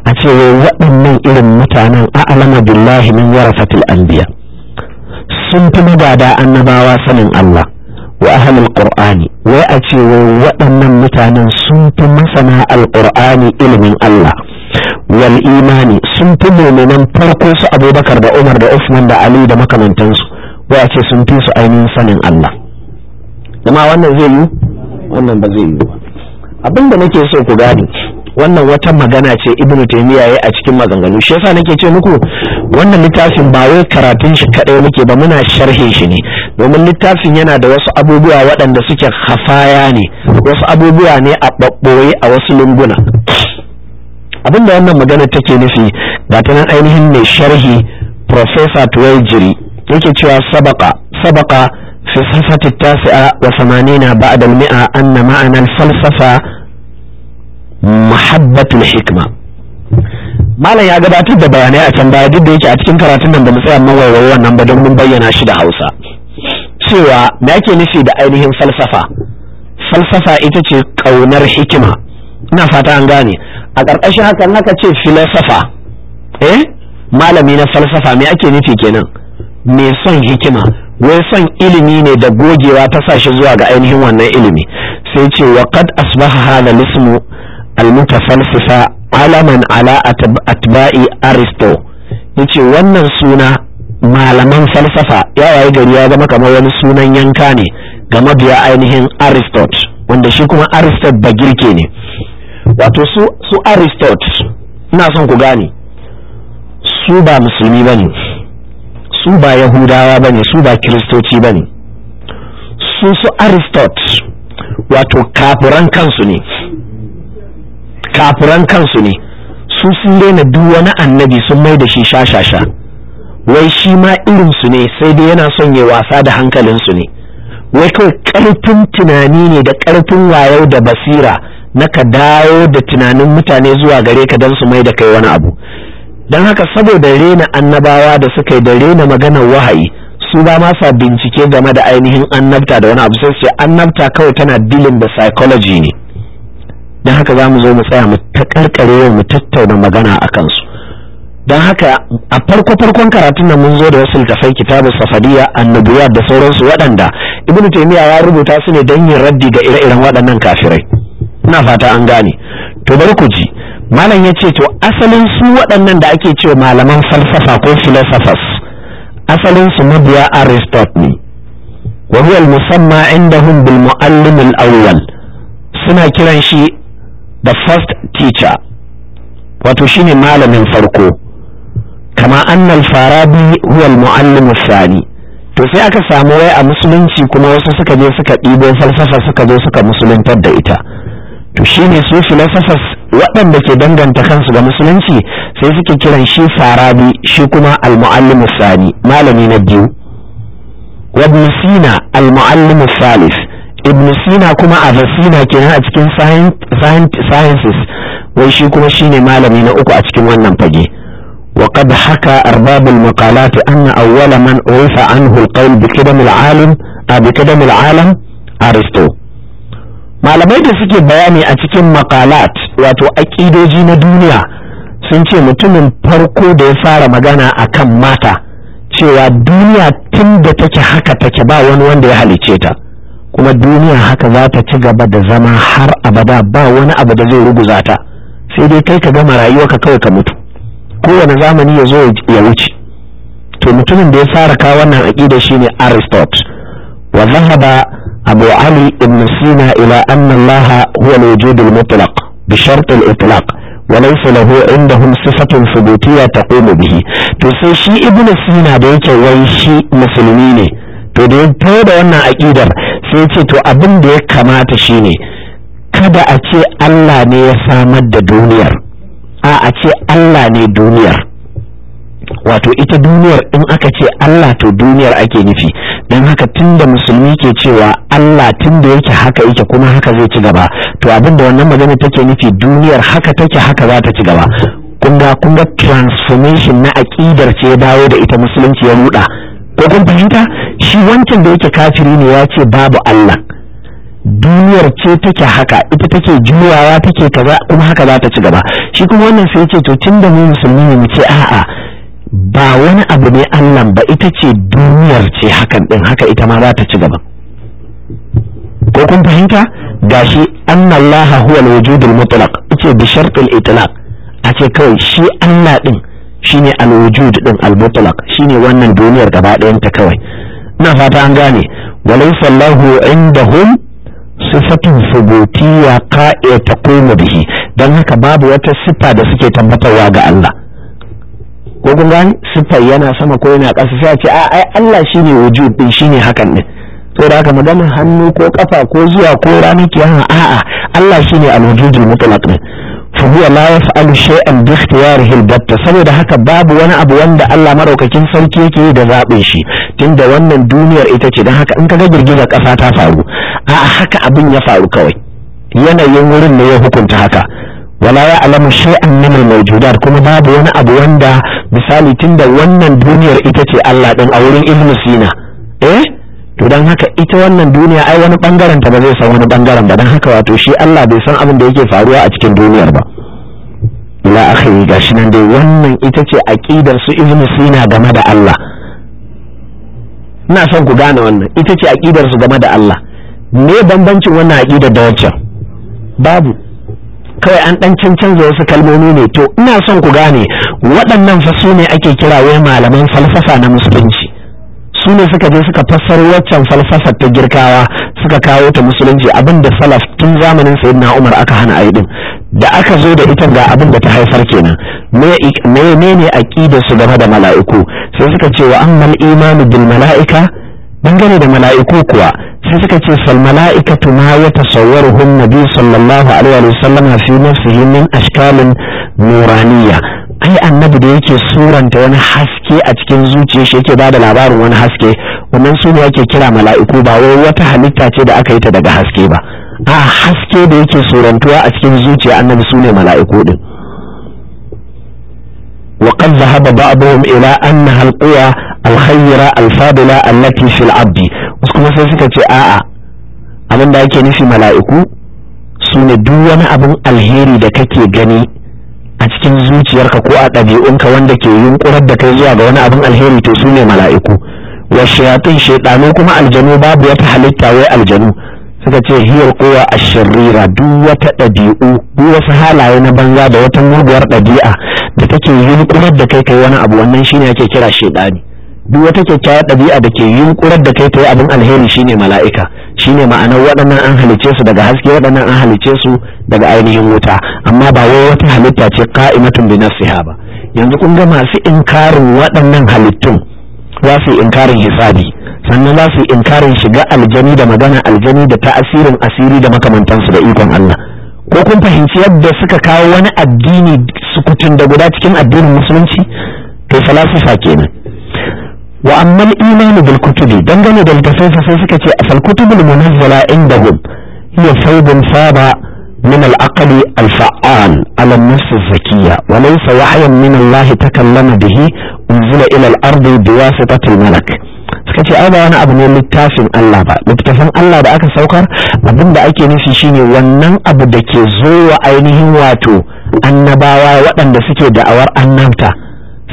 a ce waɗannan irin mutanen a'lama billahi min warasatil anbiya sun fi magada annabawa sanin Allah wa ahlul qur'ani wai a ce waɗannan mutanen sun fi masana alqur'ani ilimin Allah wal imani sun fi muminan farko su abubakar da umar da usman da ali da makamantansu wai a ce sun fi su ainihin sanin allah amma wannan zai yi wannan ba zai yi ba abin da nake so ku gane wannan wata magana ce ibnu taymiya yayi a cikin maganganu shi yasa nake ce muku wannan littafin ba wai karatun shi kadai muke ba muna sharhe shi ne domin littafin yana da wasu abubuwa waɗanda suke hafaya ne wasu abubuwa ne a babboye a wasu lunguna abin da wannan magana take nufi ga ta nan ainihin mai sharhi professor tuwaijiri yake cewa sabaka sabaka fi safati tasi'a wa samanina ba'da mia anna ma'ana falsafa mahabbatul hikma malam ya gabatar da bayanai a can baya duk da yake a cikin karatun nan ba mu tsaya mawaiwayi nan ba don mun bayyana shi da Hausa cewa me ake nufi da ainihin falsafa falsafa ita ce ƙaunar hikima ina fata an gane a ƙarƙashin haka naka ce filosofa eh malami na falsafa me ake nufi kenan mai son hikima wai son ilimi ne da gogewa ta sa shi zuwa ga ainihin wannan ilimi sai ce wa qad asbaha hadha lismu ismu al-mutafalsifa alaman ala atba'i aristo yace wannan suna malaman falsafa ya waye gari ya zama kamar wani sunan yanka ne ga mabiya ainihin aristot wanda shi kuma aristot ba girke ne wato su su aristotle ina son ku gane su ba musulmi bane su ba yahudawa bane su ba kiristoci bane su su aristotle wato kafiran kansu ne kafiran kansu ne su sun daina duk wani annabi sun mai da shi shashasha wai shi ma irinsu ne sai dai yana son ya wasa da hankalinsu ne wai kawai ƙarfin tunani ne da ƙarfin wayo da basira na ka dawo da tunanin mutane zuwa gare ka don su mai da kai wani abu don haka saboda rena annabawa da suka yi da rena maganar wahayi su ba ma sa bincike game da ainihin annabta da wani abu sai ce annabta kawai tana dilin da psychology ne don haka za mu zo mu tsaya mu takarkare mu tattauna magana a kansu don haka a farko farkon karatun nan mun zo da wasu littafai kitabu safadiya annabuwa da sauransu waɗanda ibnu taymiya ya rubuta su ne don yin raddi ga ire-iren waɗannan kafirai ina fata an gane to bari ku ji malam ya ce to asalin su waɗannan da ake cewa malaman falsafa ko philosophers asalin su mabiya aristotle wa huwa musamma indahum bil muallim al awwal suna kiran shi the first teacher wato shine malamin farko kama al farabi huwa al muallim thani to sai aka samu wai a musulunci kuma wasu suka je suka ɗibo falsafa suka zo suka musuluntar da ita to shine su philosophers waɗanda ke danganta kansu ga musulunci sai suke kiran shi farabi shi kuma al sani malami na biyu wa ibn sina salis ibn sina kuma avicina kenan a cikin sciences wai shi kuma shine malami na uku a cikin wannan fage وقد حكى أرباب المقالات أن أول من عرف عنه القول بقدم العالم بقدم العالم أرسطو malamai da suke bayani a cikin makalat wato aƙidoji na duniya sun ce mutumin farko da ya fara magana a kan mata cewa duniya tun da take haka take ba wani wanda ya halice ta kuma duniya haka za ta ci gaba da zama har abada ba wani abu da zai ruguza ta sai dai kai ka gama rayuwarka kawai ka mutu kowane zamani ya zo ya wuce to mutumin da ya fara kawo wannan aƙida shine aristotle wa zahaba أبو علي بن سينا إلى أن الله هو الوجود المطلق بشرط الإطلاق وليس له عندهم صفة ثبوتية تقوم به تسيشي ابن سينا ديك ويشي مسلمين تدين تود أن أكيدر سيتي تؤبن ديك كما تشيني kada a ce Allah ne ya samar da duniyar a a ce Allah ne duniyar wato ita duniyar in aka ce Allah to duniyar ake nufi don haka tun da musulmi ke cewa Allah tun da yake haka yake kuma haka zai ci gaba to abinda wannan magana take nufi duniyar haka take haka za ta ci gaba kunga kunga transformation na aƙidar ce dawo da ita musulunci ya ruɗa ko kun fahimta shi wancan da yake kafiri ne ya ce babu Allah duniyar ce take haka ita take juyawa take kaza kuma haka za ta ci gaba shi kuma wannan sai ce to da mu musulmi ne mu ce a'a ba wani abu ne Allah ba ita ce duniyar ce hakan ɗin haka ita ma za ta ci gaba ko kun fahimta gashi annallaha huwa al-wujud al-mutlaq ce bi shartul itlaq a ce kawai shi Allah din shine alwujud din al-mutlaq shine wannan duniyar gaba ɗayan ta kawai ina fata an gane walaysa Allahu indahum sifatun subutiyya ta koma bihi dan haka babu wata sifa da suke tabbatarwa ga Allah kun gani siffar yana sama ko yana ƙasa sai a ce a ai Allah shine wujud din shine hakan din to da haka magana hannu ko kafa ko zuwa ko rana ranar a a'a Allah shine al-wujudul mutlaq din fa huwa la yaf'alu shay'an bi ikhtiyarihi al-batta saboda haka babu wani abu wanda Allah maraukakin sarki yake yi da zaɓin shi tunda wannan duniyar ita ce dan haka in kaga girgiza kasa ta faru a'a haka abin ya faru kawai yanayin wurin ne ya hukunta haka wala ya alamu shay'an min al-mawjudat kuma babu wani abu wanda misali tunda wannan duniyar ita ce Allah din a wurin Ibn Sina eh to dan haka ita wannan duniya ai wani bangaren ta ba zai san wani bangaren ba dan haka wato shi Allah bai san abin da yake faruwa a cikin duniyar ba ila akhiri gashi nan dai wannan ita ce aqidar su Ibn Sina game da Allah ina son ku gane wannan ita ce aqidar su game da Allah me bambancin wannan aqidar da wancan babu kawai an dan canza wasu kalmomi ne to ina son ku gane waɗannan fa su ne ake kira wai malaman falsafa na musulunci su ne suka je suka fassar waccan falsafa ta girkawa suka kawo ta musulunci abin da salaf tun zamanin sayyidina umar aka hana ayi din da aka zo da ita ga abin da ta haifar kenan me ne aqida su game da mala'iku sai suka ce wa amma imanu bil mala'ika dangane da mala'iku kuwa sai suka ce fal mala'ikatu ma hun nabi sallallahu alaihi wa sallam fi nafsihi min ashkalin nuraniya ai annabi da yake suranta wani haske a cikin zuciyar shi yake bada labarin wani haske wannan su ne yake kira mala'iku ba wai wata halitta ce da aka yi ta daga haske ba a haske da yake surantuwa a cikin zuciya annabi su ne mala'iku din وقد ذهب بعضهم إلى أنها القوى الخيرة الفاضلة التي في العبد وسكما سيسكة آآ abin da ake nufi mala'iku su ne duk wani abin alheri da kake gani a cikin zuciyarka ko a ɗabi'unka wanda ke yunƙurar da kai zuwa ga wani abin alheri to su ne mala'iku wa shayatun shaidanu kuma aljanu babu wata halitta wai aljanu suka ce hiyar kowa a sharira duk wata ɗabi'u duk wasu halaye na banza da wata muguwar ɗabi'a da take yunkurar da kai kai wani abu wannan shine ake kira shaidani duk wata kyakkyawar ɗabi'a da ke yunkurar da kai kai abin alheri shine mala'ika shine ma'anar waɗannan an halice su daga haske waɗannan an halice su daga ainihin wuta amma ba wai wata halitta ce ka'imatun bi nafsiha ba yanzu kun ga masu inkarin waɗannan halittun za su yi inkarin hisabi sannan za su yi inkarin shiga aljani da magana aljani da ta'asirin asiri da makamantansu da ikon Allah ko kun fahimci yadda suka kawo wani addini sukutun da guda cikin addinin musulunci to falasifa kenan wa amma al-imanu bil kutubi dangane da littafin sai suka ce asal kutubul munazzala indahum hiya thawbun saba من العقل الفعال على النفس الزكية وليس وحيا من الله تكلم به أنزل إلى الأرض بواسطة الملك suka ce ai ba wani abu ne littafin Allah ba littafin Allah da aka saukar abin da ake nufi shine wannan abu da ke zo wa ainihin wato annabawa waɗanda suke da'awar annabta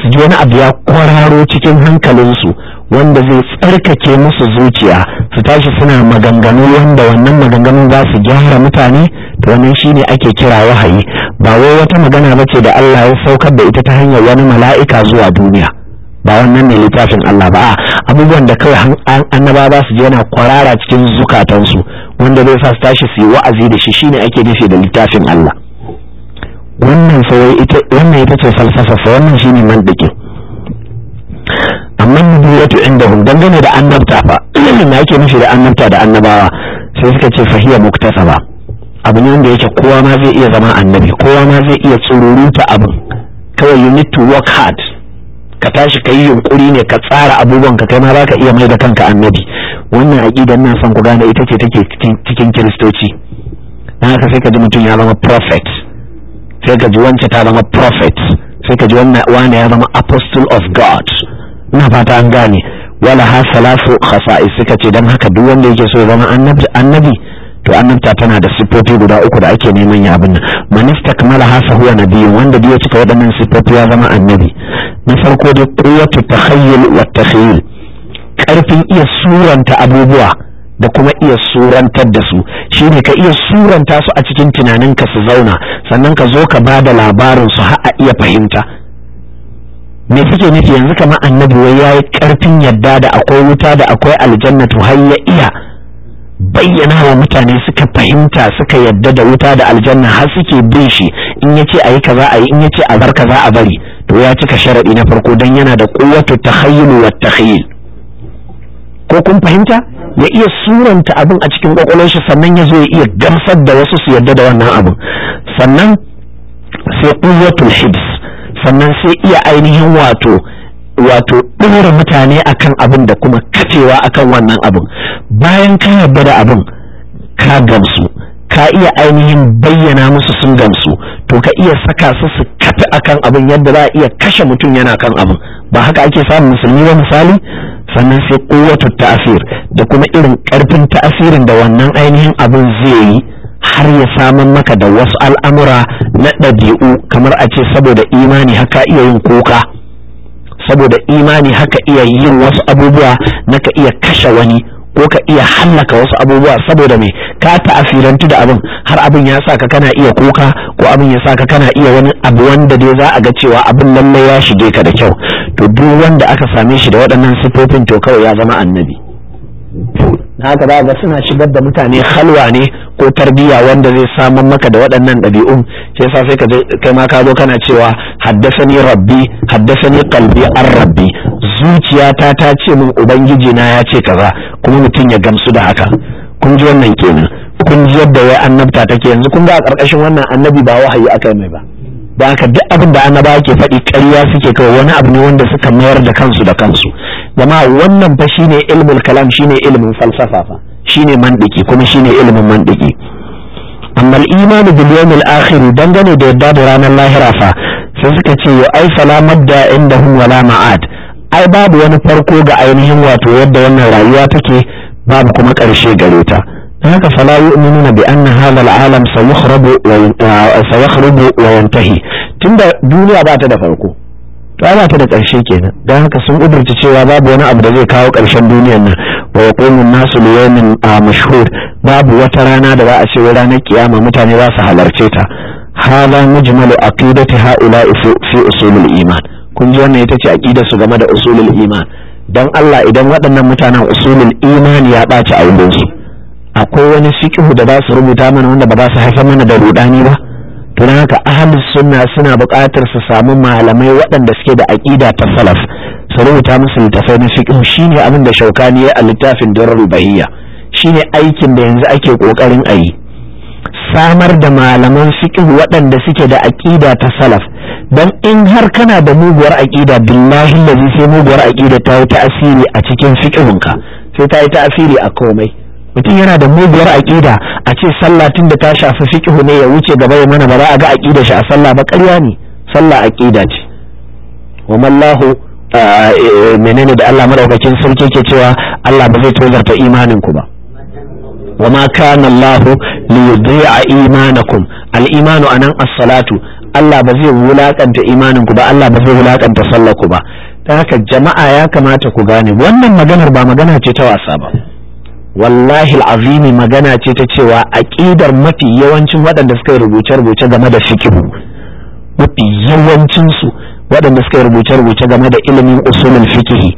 su ji wani abu ya kwararo cikin hankalinsu wanda zai tsarkake musu zuciya su tashi suna maganganu wanda wannan maganganun za su gyara mutane to wannan shine ake kira wahayi ba wai wata magana bace da Allah ya saukar da ita ta hanyar wani mala'ika zuwa duniya ba wannan ne littafin Allah ba abubuwan da kawai annaba ba su je yana kwarara cikin zukatansu wanda zai sa su tashi su yi wa'azi da shi shi ne ake nufi da littafin Allah wannan sai ita wannan ita ce falsafa fa wannan shine man dake amma inda indahum dangane da annabta fa na yake nufi da annabta da annabawa sai suka ce fahiya muktasaba abu ne wanda yake kowa ma zai iya zama annabi kowa ma zai iya tsururuta abin kawai you need to work hard ka tashi ka yi yunkuri ne ka tsara abubuwan ka kai ma zaka iya mai da kanka annabi wannan aqidan nan san ku gane ita ce take cikin kiristoci na haka sai ka ji mutum ya zama prophet sai ka ji wance ta zama prophet sai ka ji wane ya zama apostle of god ina fata an gane wala ha salasu khasa'i suka ce don haka duk wanda yake so ya zama annabi to annabta tana da siffofi guda uku da ake neman ya abin nan manista istakmala hasa huwa biyu wanda biyu cika waɗannan sifofi ya zama annabi na farko da ta takhayyul wa takhayyul karfin iya suranta abubuwa da kuma iya surantar da su Shi ne ka iya suranta su a cikin tunaninka su zauna sannan ka zo ka ba da labarin su har a iya fahimta me suke nufi yanzu kamar annabi wai yayi karfin yadda da akwai wuta da akwai aljanna to har ya iya bayyana wa mutane suka fahimta suka yadda da wuta da aljanna har suke bin shi in yace ayi kaza ayi in yace a bar kaza a bari to ya cika sharadi na farko dan yana da quwwatu tahayyul wa tahyil ko kun fahimta ya iya suranta abin a cikin kwakwalwar shi sannan ya zo ya iya gamsar da wasu su yarda da wannan abin sannan sai kuwatul hibs sannan sai iya ainihin wato wato ɗora mutane akan abin da kuma kacewa akan wannan abin bayan ka yarda da abin ka gamsu ka iya ainihin bayyana musu sun gamsu to ka iya saka su su kafi akan abin yadda za a iya kashe mutum yana kan abin ba haka ake samun musulmi ba misali sannan sai kowatu ta'asir da kuma irin karfin ta'asirin da wannan ainihin abin zai yi har ya samun maka da wasu al'amura na ɗabi'u kamar a ce saboda imani haka iya yin kuka saboda imani haka iya yin wasu abubuwa na ka iya kashe wani ko ka iya hallaka wasu abubuwa saboda me ka asirantu da abin har abin ya sa ka kana iya kuka ko abin ya sa ka kana iya wani abu wanda dai za a ga cewa abin lallai ya shige ka da kyau to duk wanda aka same shi da waɗannan sifofin to kawai ya zama annabi na haka ba ga suna shigar da mutane halwa ne ko tarbiyya wanda zai samun maka da waɗannan ɗabi'un sai sa sai kai ma ka zo kana cewa haddasani rabbi haddasani kalbi an rabbi zuciyata ta ce min ubangiji na ya ce kaza kuma mutum ya gamsu da haka kun ji wannan kenan kun ji yadda wai annabta take yanzu kun ga a ƙarƙashin wannan annabi ba wahayi aka mai ba da haka duk abin da annaba ke faɗi ƙarya suke kawai wani abu ne wanda suka mayar da kansu da kansu jama'a wannan fa shine ilmul kalam shine ilmin falsafa fa shine mandiki kuma shine ilmin mandiki amma al-imanu bil akhir dangane da yadda da ranar lahira fa sai suka ce yo ai salamar da indahum wala ma'ad ai babu wani farko ga ainihin wato yadda wannan rayuwa take babu kuma karshe gare ta haka fala yu'minuna bi anna hadha al-alam sayukhrabu wa ah, sayukhrabu wa yantahi tunda duniya ba ta da farko to ta da ƙarshe kenan don haka sun ƙudurci cewa babu wani abu da zai kawo ƙarshen duniyar nan wa yaqumun nasu li yawmin mashhur babu wata rana da za a ce ranar kiyama mutane za su halarce ta hala mujmalu aqidati haula fi usulul iman kun ji wannan ita ce aqidar su game da usulul iman dan Allah idan waɗannan mutanen usulul iman ya ɓaci a wurin su akwai wani sikihu da za su rubuta mana wanda ba za su haifa mana da rudani ba to don haka ahlus sunna suna buƙatar su samu malamai waɗanda suke da aƙida ta salaf su rubuta musu littafai na shi ne abin da shaukani ya a littafin durrul bahiyya shine aikin da yanzu ake ƙoƙarin a yi samar da malaman fiqh waɗanda suke da aƙida ta salaf dan in har kana da muguwar aƙida billahi lazi sai muguwar aƙida ta yi ta'asiri a cikin fiqhinka sai ta yi ta'asiri a komai mutum yana da muguwar aƙida a ce sallah tun da ta shafi fiqhu ne ya wuce gaba ya mana ba za a ga aƙida shi a sallah ba ƙarya ne sallah aƙida ce wa mallahu e, e, menene da Allah madaukakin sarki ke cewa Allah ba zai tozarta imanin ku ba wa ma kana Allah li yudhi'a imanakum al imanu anan as-salatu Allah ba zai wulakanta imanin ku ba Allah ba zai wulakanta sallar ku ba ta haka jama'a ya kamata ku gane wannan maganar ba magana ce ta wasa ba wallahi al'azimi magana ce ta cewa aƙidar mafi yawancin waɗanda suka rubuce-rubuce game da fikihu mafi yawancinsu waɗanda suka rubuce-rubuce game da ilimin usulun fikihi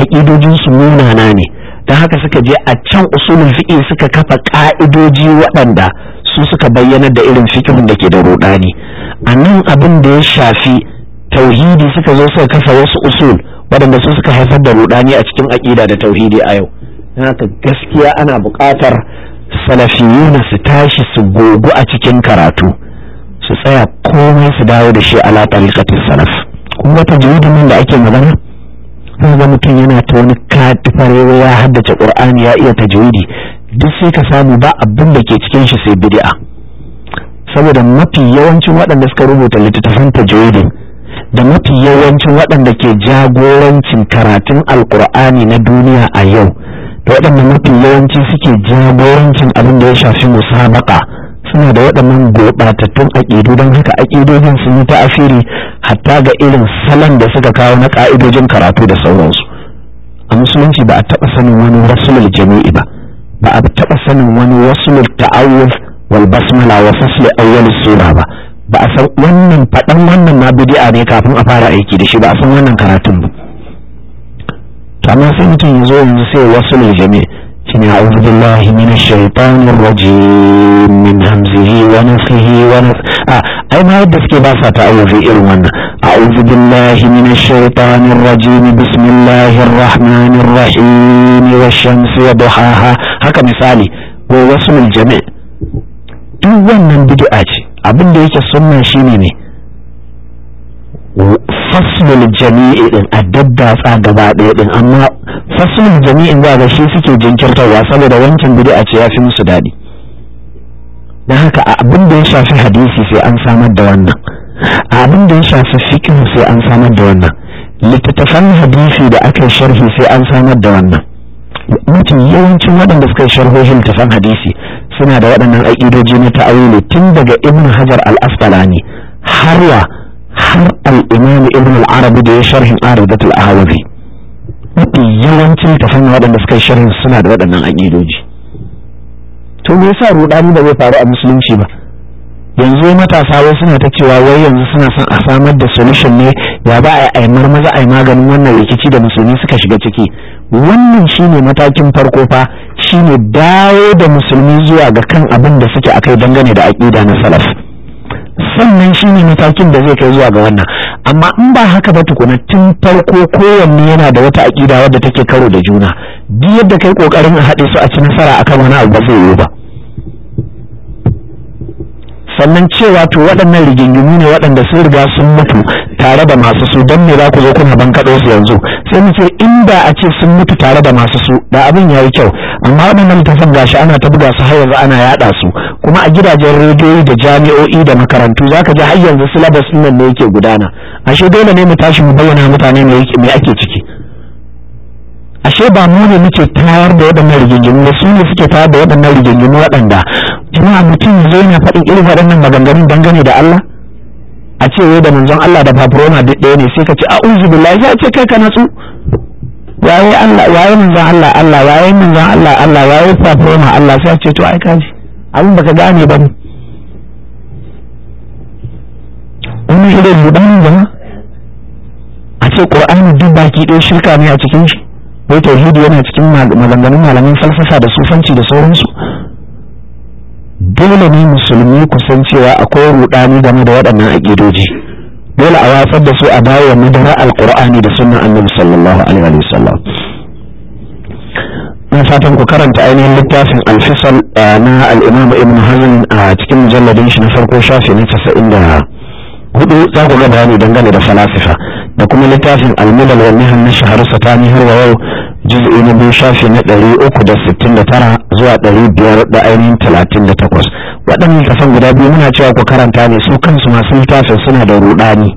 aƙidojinsu munana ne ta haka suka je a can usulun fiƙi suka kafa ƙa'idoji waɗanda su suka bayyanar da irin fikihun da ke da ruɗani a nan abin da ya shafi tauhidi suka zo suka kafa wasu usul waɗanda su suka haifar da ruɗani a cikin aƙida da tauhidi a yau haka gaskiya ana buƙatar salafiyuna su tashi su gogu a cikin karatu su tsaya komai su dawo da shi ala tariqatis salaf Kuma wata tajwidin nan da ake magana sai ga mutum yana ta wani katifarewa ya haddace qur'ani ya iya tajwidi duk sai ka samu ba abin da ke cikin shi sai bid'a saboda mafi yawancin waɗanda suka rubuta littattafan tajwidin da mafi yawancin waɗanda ke jagorancin karatun alkur'ani na duniya a yau waɗannan mafi yawanci suke jagorancin abin da ya shafi musabaka suna da waɗannan gurɓatattun aƙidu don haka aƙidojin sun yi ta'asiri hatta ga irin salon da suka kawo na ƙa'idojin karatu da sauransu a musulunci ba a taɓa sanin wani rasulul jami'i ba ba a taɓa sanin wani wasulul ta'awul wal basmala wa fasli awwal sura ba ba a san wannan faɗan wannan ma bid'a ne kafin a fara aiki da shi ba a san wannan karatun ba sannan sai mutum ya zo yanzu sai wasu ne jami shine a'udhu billahi minash shaitanir rajim min hamzihi wa nafthihi wa a ai ma yadda suke ba sa ta'awuzi irin wannan a'udhu billahi minash shaitanir rajim bismillahir rahmanir rahim wash shamsi wa duhaha haka misali ko wasu jami duk wannan bid'a ce abin da yake sunna shine ne faslul jami'i din a daddatsa gaba ɗaya din amma faslul jami'in ba ga shi suke jinkirtawa saboda wancan a ce ya fi musu daɗi don haka a abin da ya shafi hadisi sai an samar da wannan a abin da ya shafi fikin sai an samar da wannan littattafan hadisi da aka sharhi sai an samar da wannan mutum yawancin waɗanda suka yi sharhohin littattafan hadisi suna da waɗannan aƙidoji na ta'awili tun daga ibn hajar al-asqalani har wa har al'imam ibn al’arabi da ya sharhin aridatul ahawazi mafi yawancin tafan waɗanda suka yi sharhin suna da waɗannan aƙidoji to me yasa rudani ba zai faru a musulunci ba yanzu matasa wai suna ta cewa wai yanzu suna son a samar da solution ne ya ba a yi maza a yi maganin wannan rikici da musulmi suka shiga ciki wannan shine matakin farko fa shine dawo da musulmi zuwa ga kan abin da suke akai dangane da aƙida na salaf sannan shi ne matakin da zai kai zuwa ga wannan amma in ba haka ba tukuna tun farko kowanne yana da wata aƙida wadda take karo da juna duk yadda kai kokarin a haɗe su a ci nasara akan wani abu ba zai yiwu ba sannan cewa to waɗannan rigingimu ne waɗanda sun riga sun mutu tare da masu su don me za ku zo kuna kaɗo su yanzu sai mu ce in da a ce sun mutu tare da masu su da abin ya yi kyau amma waɗannan littafin gashi ana ta buga su har yanzu ana yaɗa su kuma a gidajen rediyoyi da jami'o'i da makarantu za ka ji har yanzu silabus ɗin nan ne yake gudana ashe dole ne mu tashi mu bayyana mutane me ake ciki ashe ba mu ne muke tayar da waɗannan rigingimu ba su ne suke tayar da waɗannan rigingimu waɗanda jama'a mutum ya zo yana faɗin irin waɗannan maganganun dangane da Allah a ce wai da manzon Allah da fafuroma duk ɗaya ne sai ka ce a'udhu billahi a ce kai ka natsu waye Allah waye manzon Allah Allah waye manzon Allah Allah waye fafuroma Allah sai ce to ai kaji abin baka gane ba ne wannan irin ba jama'a a ce qur'ani duk baki ɗaya shirka ne a cikin shi wai tauhidi yana cikin maganganun malaman falsafa da sufanci da sauransu dole ne musulmi kusan cewa akwai rudani game da waɗannan aƙidoji dole a watsar da su a bayan madara alkur'ani da sunan annabi sallallahu alaihi wasallam fatan ku karanta ainihin littafin alfisal eh, na al ibn hazm a cikin mujalladin shi na farko shafi na 90 hudu za ku ga bayani dangane da falasifa da kuma littafin almilal wani nihan na shahar satani har wa yau juz'i na biyu shafi na ɗari uku da sittin da tara zuwa ɗari biyar da ainihin talatin da takwas waɗannan kasan guda biyu muna cewa ku karanta ne su kansu masu littafin suna da ruɗani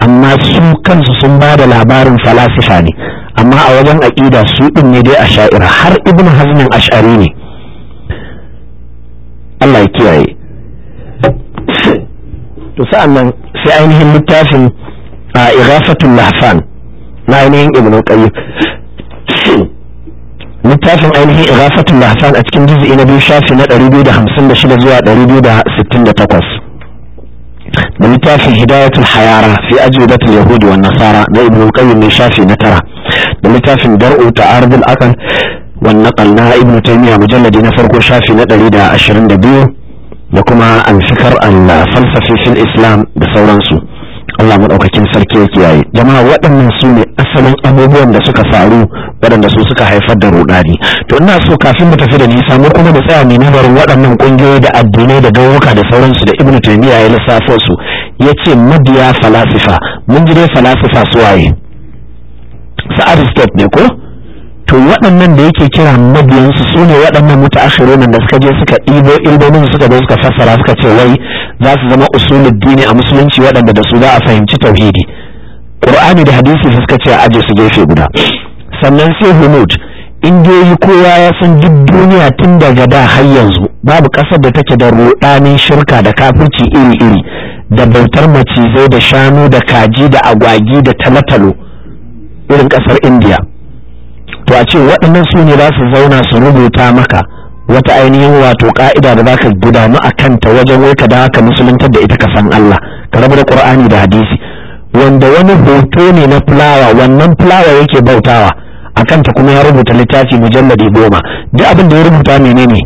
amma su kansu sun ba da labarin falasifa ne amma a wajen aƙida su ɗin ne dai a sha'ira har ibn hazmin ash'ari ne Allah ya kiyaye to sa'an nan sai ainihin littafin a igafatul lahfan na ainihin ibn qayyim littafin ainihin igafatul lahfan a cikin juz'i na biyu shafi na 256 zuwa 268 da littafin hidayatul hayara fi ajudatul yahudi wa nasara Da ibn qayyim ne shafi na tara da littafin dar'u ta'arudul aqal wan naqal na ibn taymiya mujalladi na farko shafi na 122 da kuma an shikar falsafi fil islam da sauransu Allah maɗaukakin sarki ya kiyaye jama'a waɗannan su ne asalin abubuwan da suka faru waɗanda su suka haifar da rudani to ina so kafin mu tafi da nisa mu kuma mu tsaya mu nazarin waɗannan ƙungiyoyi da addinai da gauruka da sauransu da ibnu taymiya ya lissafo su Ya ce madiya falasifa mun ji dai falasifa su waye su aristotle ne ko to waɗannan da yake kira mabiyansu su ne waɗannan nan da suka je suka ɗibo ilmomin suka zo suka fassara suka ce wai za su zama usulul dini a musulunci waɗanda da su za a fahimci tauhidi qur'ani da hadisi suka ce a aje su gefe guda sannan sai hunud indiyoyi kowa ya san duk duniya tun daga da har yanzu babu ƙasar da take da ruɗanin shirka da kafirci iri-iri da bautar macizai da shanu da kaji da agwagi da talotalo irin ƙasar indiya to a ce waɗannan su ne za su zauna su rubuta maka wata ainihin wato ka'ida da za ka gudanu a kanta wajen wai ka da ka musuluntar da ita ka san Allah ka rabu da Qur'ani da hadisi wanda wani hoto ne na fulawa wannan fulawa yake bautawa a kanta kuma ya rubuta littafi mujalladi goma duk abin da ya rubuta menene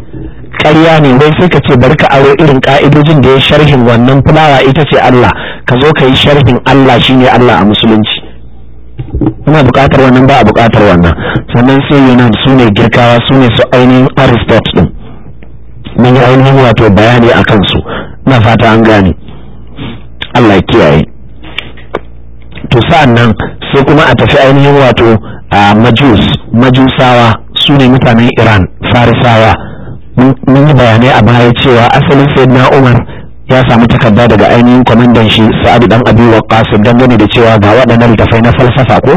ƙarya ne wai sai ka ce bari ka aro irin ka'idojin da ya sharhin wannan fulawa ita ce Allah ka zo ka yi sharhin Allah shine Allah a musulunci ana bukatar wannan ba a buƙatar wannan sannan sai yunan su ne girkawa su ne su ainihin aristot din mun yi ainihin wato bayani a kansu na fata an gane allah kiyaye to sa'an nan sai kuma a tafi ainihin wato a majus majusawa su ne mutanen iran farisawa mun yi bayanai a baya cewa asalin sayyidina umar ya samu takarda daga ainihin kwamandan shi sa'adu dan wa waqqas dangane da cewa ga waɗannan littafai na falsafa ko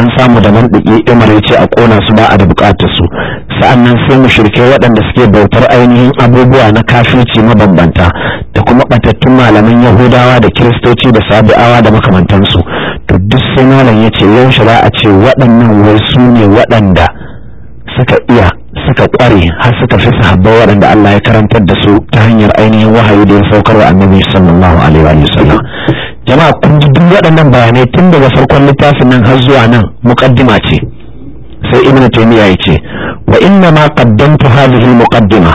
an samu da mandiki umar ya ce a kona su ba a da bukatar su sa'an nan sai mu shirke waɗanda suke bautar ainihin abubuwa na kafirci mabambanta da kuma batattun malaman yahudawa da kiristoci da sabi'awa da makamantansu to duk sai malam ya ce yaushe za a ce waɗannan wai su ne waɗanda suka iya suka kware har suka fi sahabbai waɗanda Allah ya karantar da su ta hanyar ainihin wahayi da ya saukar wa annabi sallallahu alaihi wa sallam jama'a kun ji duk waɗannan bayanai tun daga farkon littafin nan har zuwa nan muqaddima ce sai ibn taymiya yace wa inna ma qaddamtu hadhihi muqaddima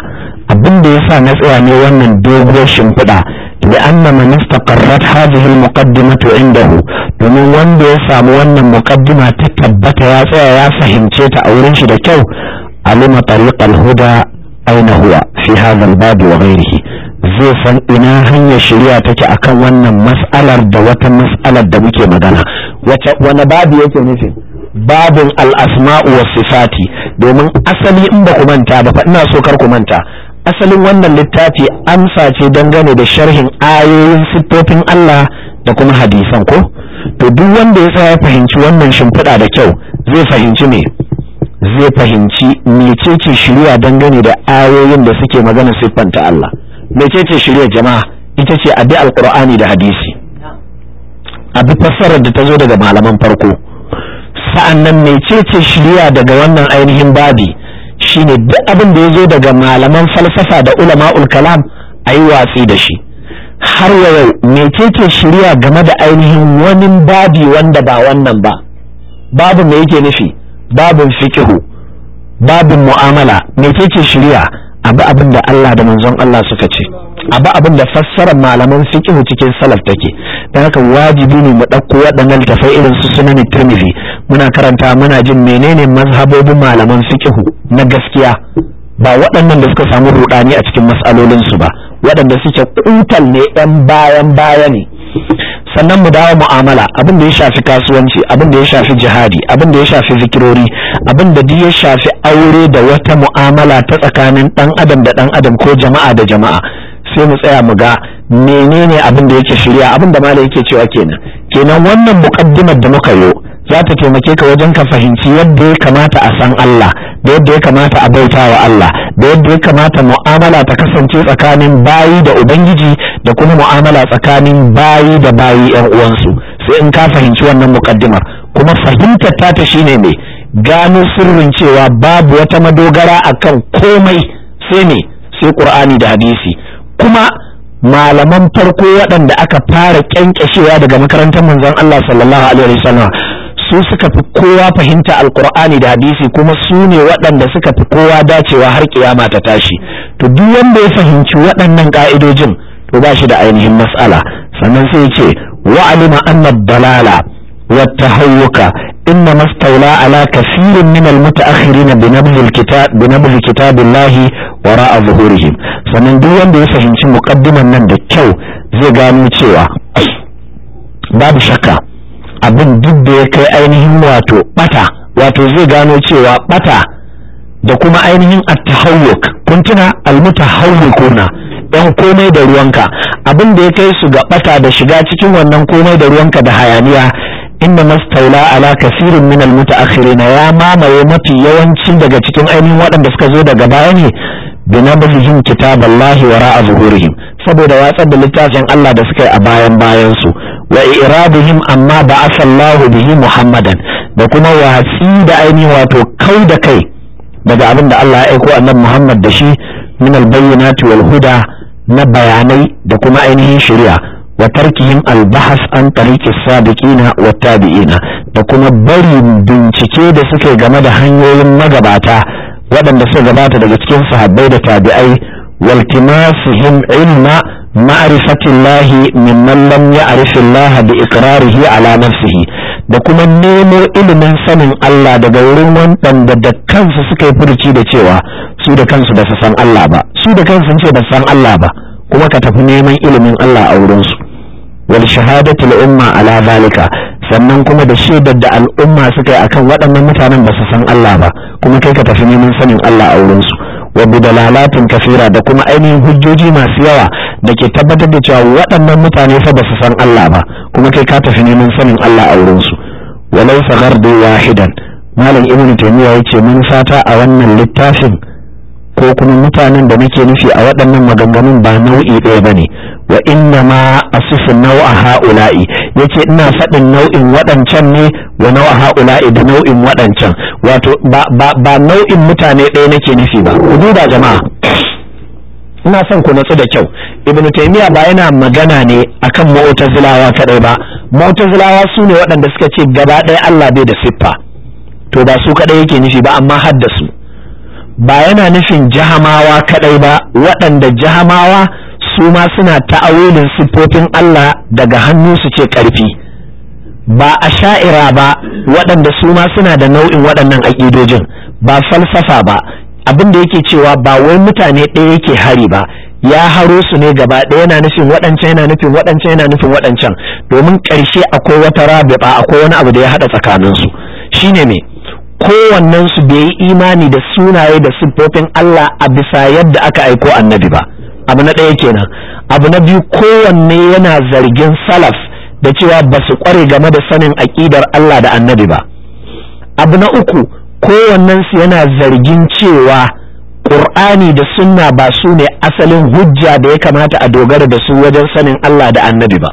abin da ya sa na tsaya ne wannan doguwar shimfiɗa لأن من استقرت هذه المقدمة indahu, domin wanda ya samu wannan muqaddima ta tabbata ya tsaya ya fahimce ta a wurin shi da kyau alima tariqal huda aina huwa fi hadha al-bab wa ghayrihi zai san ina hanyar shari'a take akan wannan mas'alar da wata mas'alar da muke magana Wace wani babu yake nufi babin al-asma'u was sifati domin asali in ba ku manta ba fa ina so kar ku manta asalin wannan littafi amsa ce dangane da sharhin ayoyin siffofin Allah da kuma hadisan ko to duk wanda ya tsaya fahimci wannan shimfiɗa da kyau zai fahimci me zai fahimci ce shiriya dangane da ayoyin da suke magana siffanta Allah ce shiriya jama'a ita ce abi alqur'ani da hadisi abi fassarar da ta zo daga malaman farko sa'annan ce shiriya daga wannan ainihin babi shine duk abin da ya zo daga malaman falsafa da ulama'ul kalam a yi watsi da shi har yau ke shirya game da ainihin wani babi wanda ba wannan ba babu me yake nufi babin fikihu babin mu'amala Me ke shirya abu abin da Allah da manzon Allah suka ce abu abin da fassarar malaman fiqh cikin salaf take dan haka wajibi ne mu ɗauko waɗannan tafai irin su sunan Tirmidhi muna karanta muna jin menene mazhabobin malaman fiqh na gaskiya ba waɗannan da suka samu rudani a cikin mas'alolin su ba waɗanda suke kutal ne ɗan bayan baya ne sannan mu dawo mu'amala abin da ya shafi kasuwanci abin da ya shafi jihadi abin da ya shafi zikirori abin da ya shafi aure da wata mu'amala ta tsakanin dan adam da dan adam ko jama'a da jama'a sai mu tsaya mu ga menene abin da yake shirya abin da malai yake cewa kenan kenan wannan muqaddimar da muka yi za ta taimake ka wajen ka fahimci yadda ya kamata a san Allah da yadda ya kamata a bauta wa Allah da yadda ya kamata mu'amala ta kasance tsakanin bayi da ubangiji da kuma mu'amala tsakanin bayi da bayi yan uwansu sai in ka fahimci wannan mukaddimar kuma fahimtar ta ta shine ne gano sirrin cewa babu wata madogara akan komai sai me sai qur'ani da hadisi kuma malaman farko waɗanda aka fara kyankyashewa daga makarantar manzon Allah sallallahu alaihi wasallam su suka fi kowa fahimta alkur'ani da hadisi kuma su ne waɗanda suka fi kowa dacewa har kiyama ta tashi to duk wanda ya fahimci waɗannan ka'idojin to ba shi da ainihin matsala sannan sai ce wa'alima anna balala wa tahawuka inna mastaula ala kasirin min almutaakhirin bi nabl alkitab bi nabl kitabillahi wara'a zuhurihim sannan duk wanda ya fahimci muqaddiman nan da kyau zai gano cewa babu shakka abin duk da ya kai ainihin wato bata wato zai gano cewa bata da kuma ainihin attahawuk kun tuna yan komai da ruwanka abin da ya kai su ga bata da shiga cikin wannan komai da ruwanka da hayaniya inna mastaula ala kasirin min almutaakhirin ya mamaye mafi yawanci daga cikin ainihin waɗanda suka zo daga baya ne binabzihim kitaballahi wara'a zuhurihim saboda watsar da littafin Allah da suka yi a bayan bayan su wa irabihim amma ba asallahu bihi muhammadan da kuma watsi da ainihi wato kai da kai daga abin da Allah ya aiko annabi Muhammad da shi min albayyinati wal huda na bayanai da kuma ainihin shari'a wa tarkihim al bahas an tariqi sabiqina wa tabi'ina da kuma bari bincike da suke game da hanyoyin magabata waɗanda suka gabata daga cikin sahabbai da tabi'ai waltimasihim ilma ma'rifatin lahi mimman lam ya'rif Allah bi hi ala da kuma nemo ilimin sanin Allah daga wurin waɗanda da kansu suka yi da cewa su da kansu ba su san Allah ba su da kansu ce ba su san Allah ba kuma ka tafi neman ilimin Allah a wurinsu wal shahadatul umma ala zalika sannan kuma da shaidar da al'umma suka yi akan waɗannan mutanen ba su san Allah ba kuma kai ka tafi neman sanin Allah a wurinsu wa dalalatin kafira da kuma ainihin hujjoji masu yawa da ke tabbatar da cewa waɗannan mutane fa ba su san Allah ba kuma kai ka tafi neman sanin Allah a wurinsu walau sagar da wahidan malam ibnu taymiya yace mun fata a wannan littafin ko kuma mutanen da nake nufi a waɗannan maganganun ba nau'i ɗaya ba ne wa inna ma asufu nau'a ha'ula'i ya ce ina faɗin nau'in waɗancan ne wa nau'a ha'ula'i da nau'in waɗancan wato ba nau'in mutane ɗaya nake nufi ba ku duba jama'a ina son ku natsu da kyau ibnu taymiya ba yana magana ne akan mu'tazilawa kadai ba mu'tazilawa su ne waɗanda suka ce gaba ɗaya Allah bai da siffa to ba su kadai yake nufi ba amma har da su ba yana nufin jahamawa kadai ba waɗanda jahamawa su ma suna ta'awilin siffofin Allah daga hannu su ce ƙarfi ba a sha'ira ba waɗanda su ma suna da nau'in waɗannan aƙidojin ba falsafa ba abin da yake cewa ba wai mutane ɗaya yake hari ba ya haro su ne gaba ɗaya yana nufin waɗancan yana nufin waɗancan yana nufin waɗancan domin ƙarshe akwai wata rabi'a akwai wani abu da ya haɗa tsakaninsu shine me kowannen su bai yi imani da sunaye da siffofin Allah a bisa yadda aka aiko annabi ba abu na ɗaya kenan abu na biyu kowanne yana zargin salaf da cewa ba su kware game da sanin aƙidar Allah da annabi ba abu na uku kowannen su yana zargin cewa Ƙur'ani da sunna ba su ne asalin hujja da ya kamata a dogara da su wajen sanin Allah da annabi ba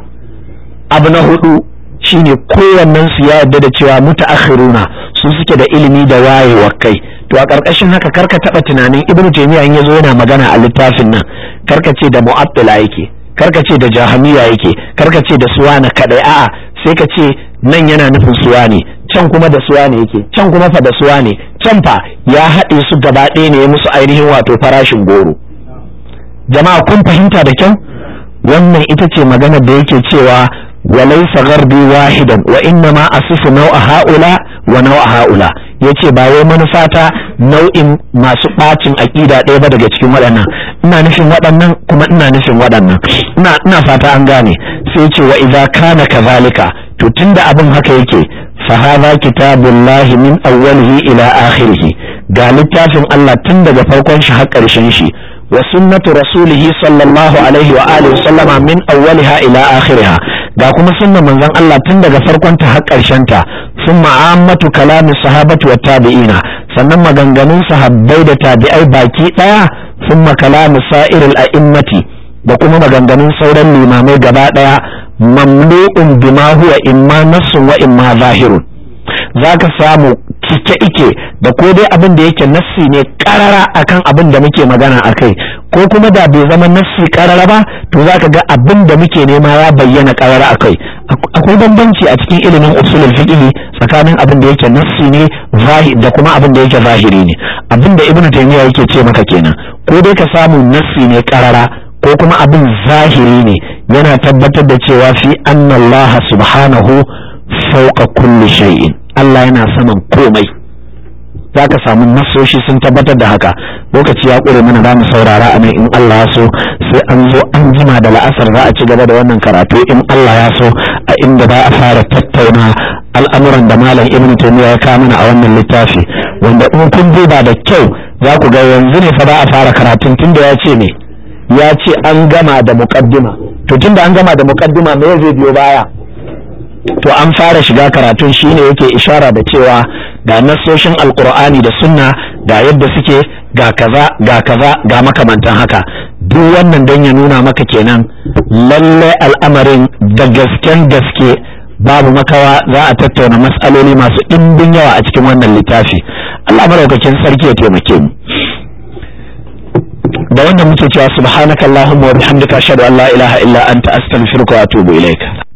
abu na hudu shine kowannen su ya yarda da cewa mutaakhiruna su suke da ilimi da wayewar kai to a karkashin haka karka taɓa tunanin ibn taymiya in yazo yana magana a littafin nan karka ce da mu'attila yake karka ce da jahamiya yake karka ce da suwana kadai a'a sai ka ce nan yana nufin suwani can kuma da suwani yake can kuma fa da suwani can fa ya haɗe su gaba ɗaya ne ya musu ainihin wato farashin goro jama'a kun fahimta da kyau wannan ita ce maganar da yake cewa walaysa gharbi wahidan wa innama asifu nau'a haula wa haula yace ba wai manufata nau'in masu bacin aqida ɗaya ba daga cikin waɗannan ina nufin waɗannan kuma ina nufin waɗannan ina ina fata an gane sai ce wa idza kana kazalika to tunda abin haka yake fa hadha kitabullahi min awwalihi ila akhirih ga littafin Allah tun daga farkon shi har ƙarshen shi wa sunnatu rasulihi sallallahu alaihi wa alihi sallama min awwaliha ila akhiriha ga kuma sunna manzon Allah tun daga farkon ta har karshen ta sun ma'ammatu kalamin sahabatu wa tabi'ina sannan maganganun sahabbai da tabi'ai baki ɗaya sun kalamin sa'iril a'immati da kuma maganganun sauran limamai gaba ɗaya mamlu'un bima huwa imma nassun wa imma zahirun zaka samu cike ike da ko dai abin da yake nassi ne karara akan abin da muke magana akai ko kuma da bai zama nassi karara ba to zaka ga abin da muke nema ya bayyana karara a akai akwai bambanci a cikin ilimin usulul fiqh tsakanin abin da yake nassi ne zahiri da kuma abin da yake zahiri ne abin da ibnu taymiya yake ce maka kenan ko dai ka samu nassi ne karara ko kuma abin zahiri ne yana tabbatar da cewa fi annallaha subhanahu fawqa kulli shay'in Allah yana saman komai za ka samu nasoshi sun tabbatar da haka lokaci ya ƙure mana za mu saurara a in Allah ya so sai an zo an jima da la'asar za a ci gaba da wannan karatu in Allah ya so a inda ba a fara tattauna al'amuran da malam ibn taymiya ya kawo mana a wannan littafi wanda in kun duba da kyau za ku ga yanzu ne fa za a fara karatun tunda ya ce ne ya ce an gama da muqaddima to tunda an gama da muqaddima me zai biyo baya to an fara shiga karatun shine yake ishara da cewa ga nassoshin alkur'ani da sunna ga yadda suke ga kaza ga kaza ga makamantan haka duk wannan don ya nuna maka kenan lalle al'amarin da gasken gaske babu makawa za a tattauna matsaloli masu ɗimbin yawa a cikin wannan littafi Allah maraukakin sarki ya taimake mu da wannan muke cewa subhanakallahumma wa bihamdika ashhadu an la ilaha illa anta astaghfiruka wa atubu ilaik.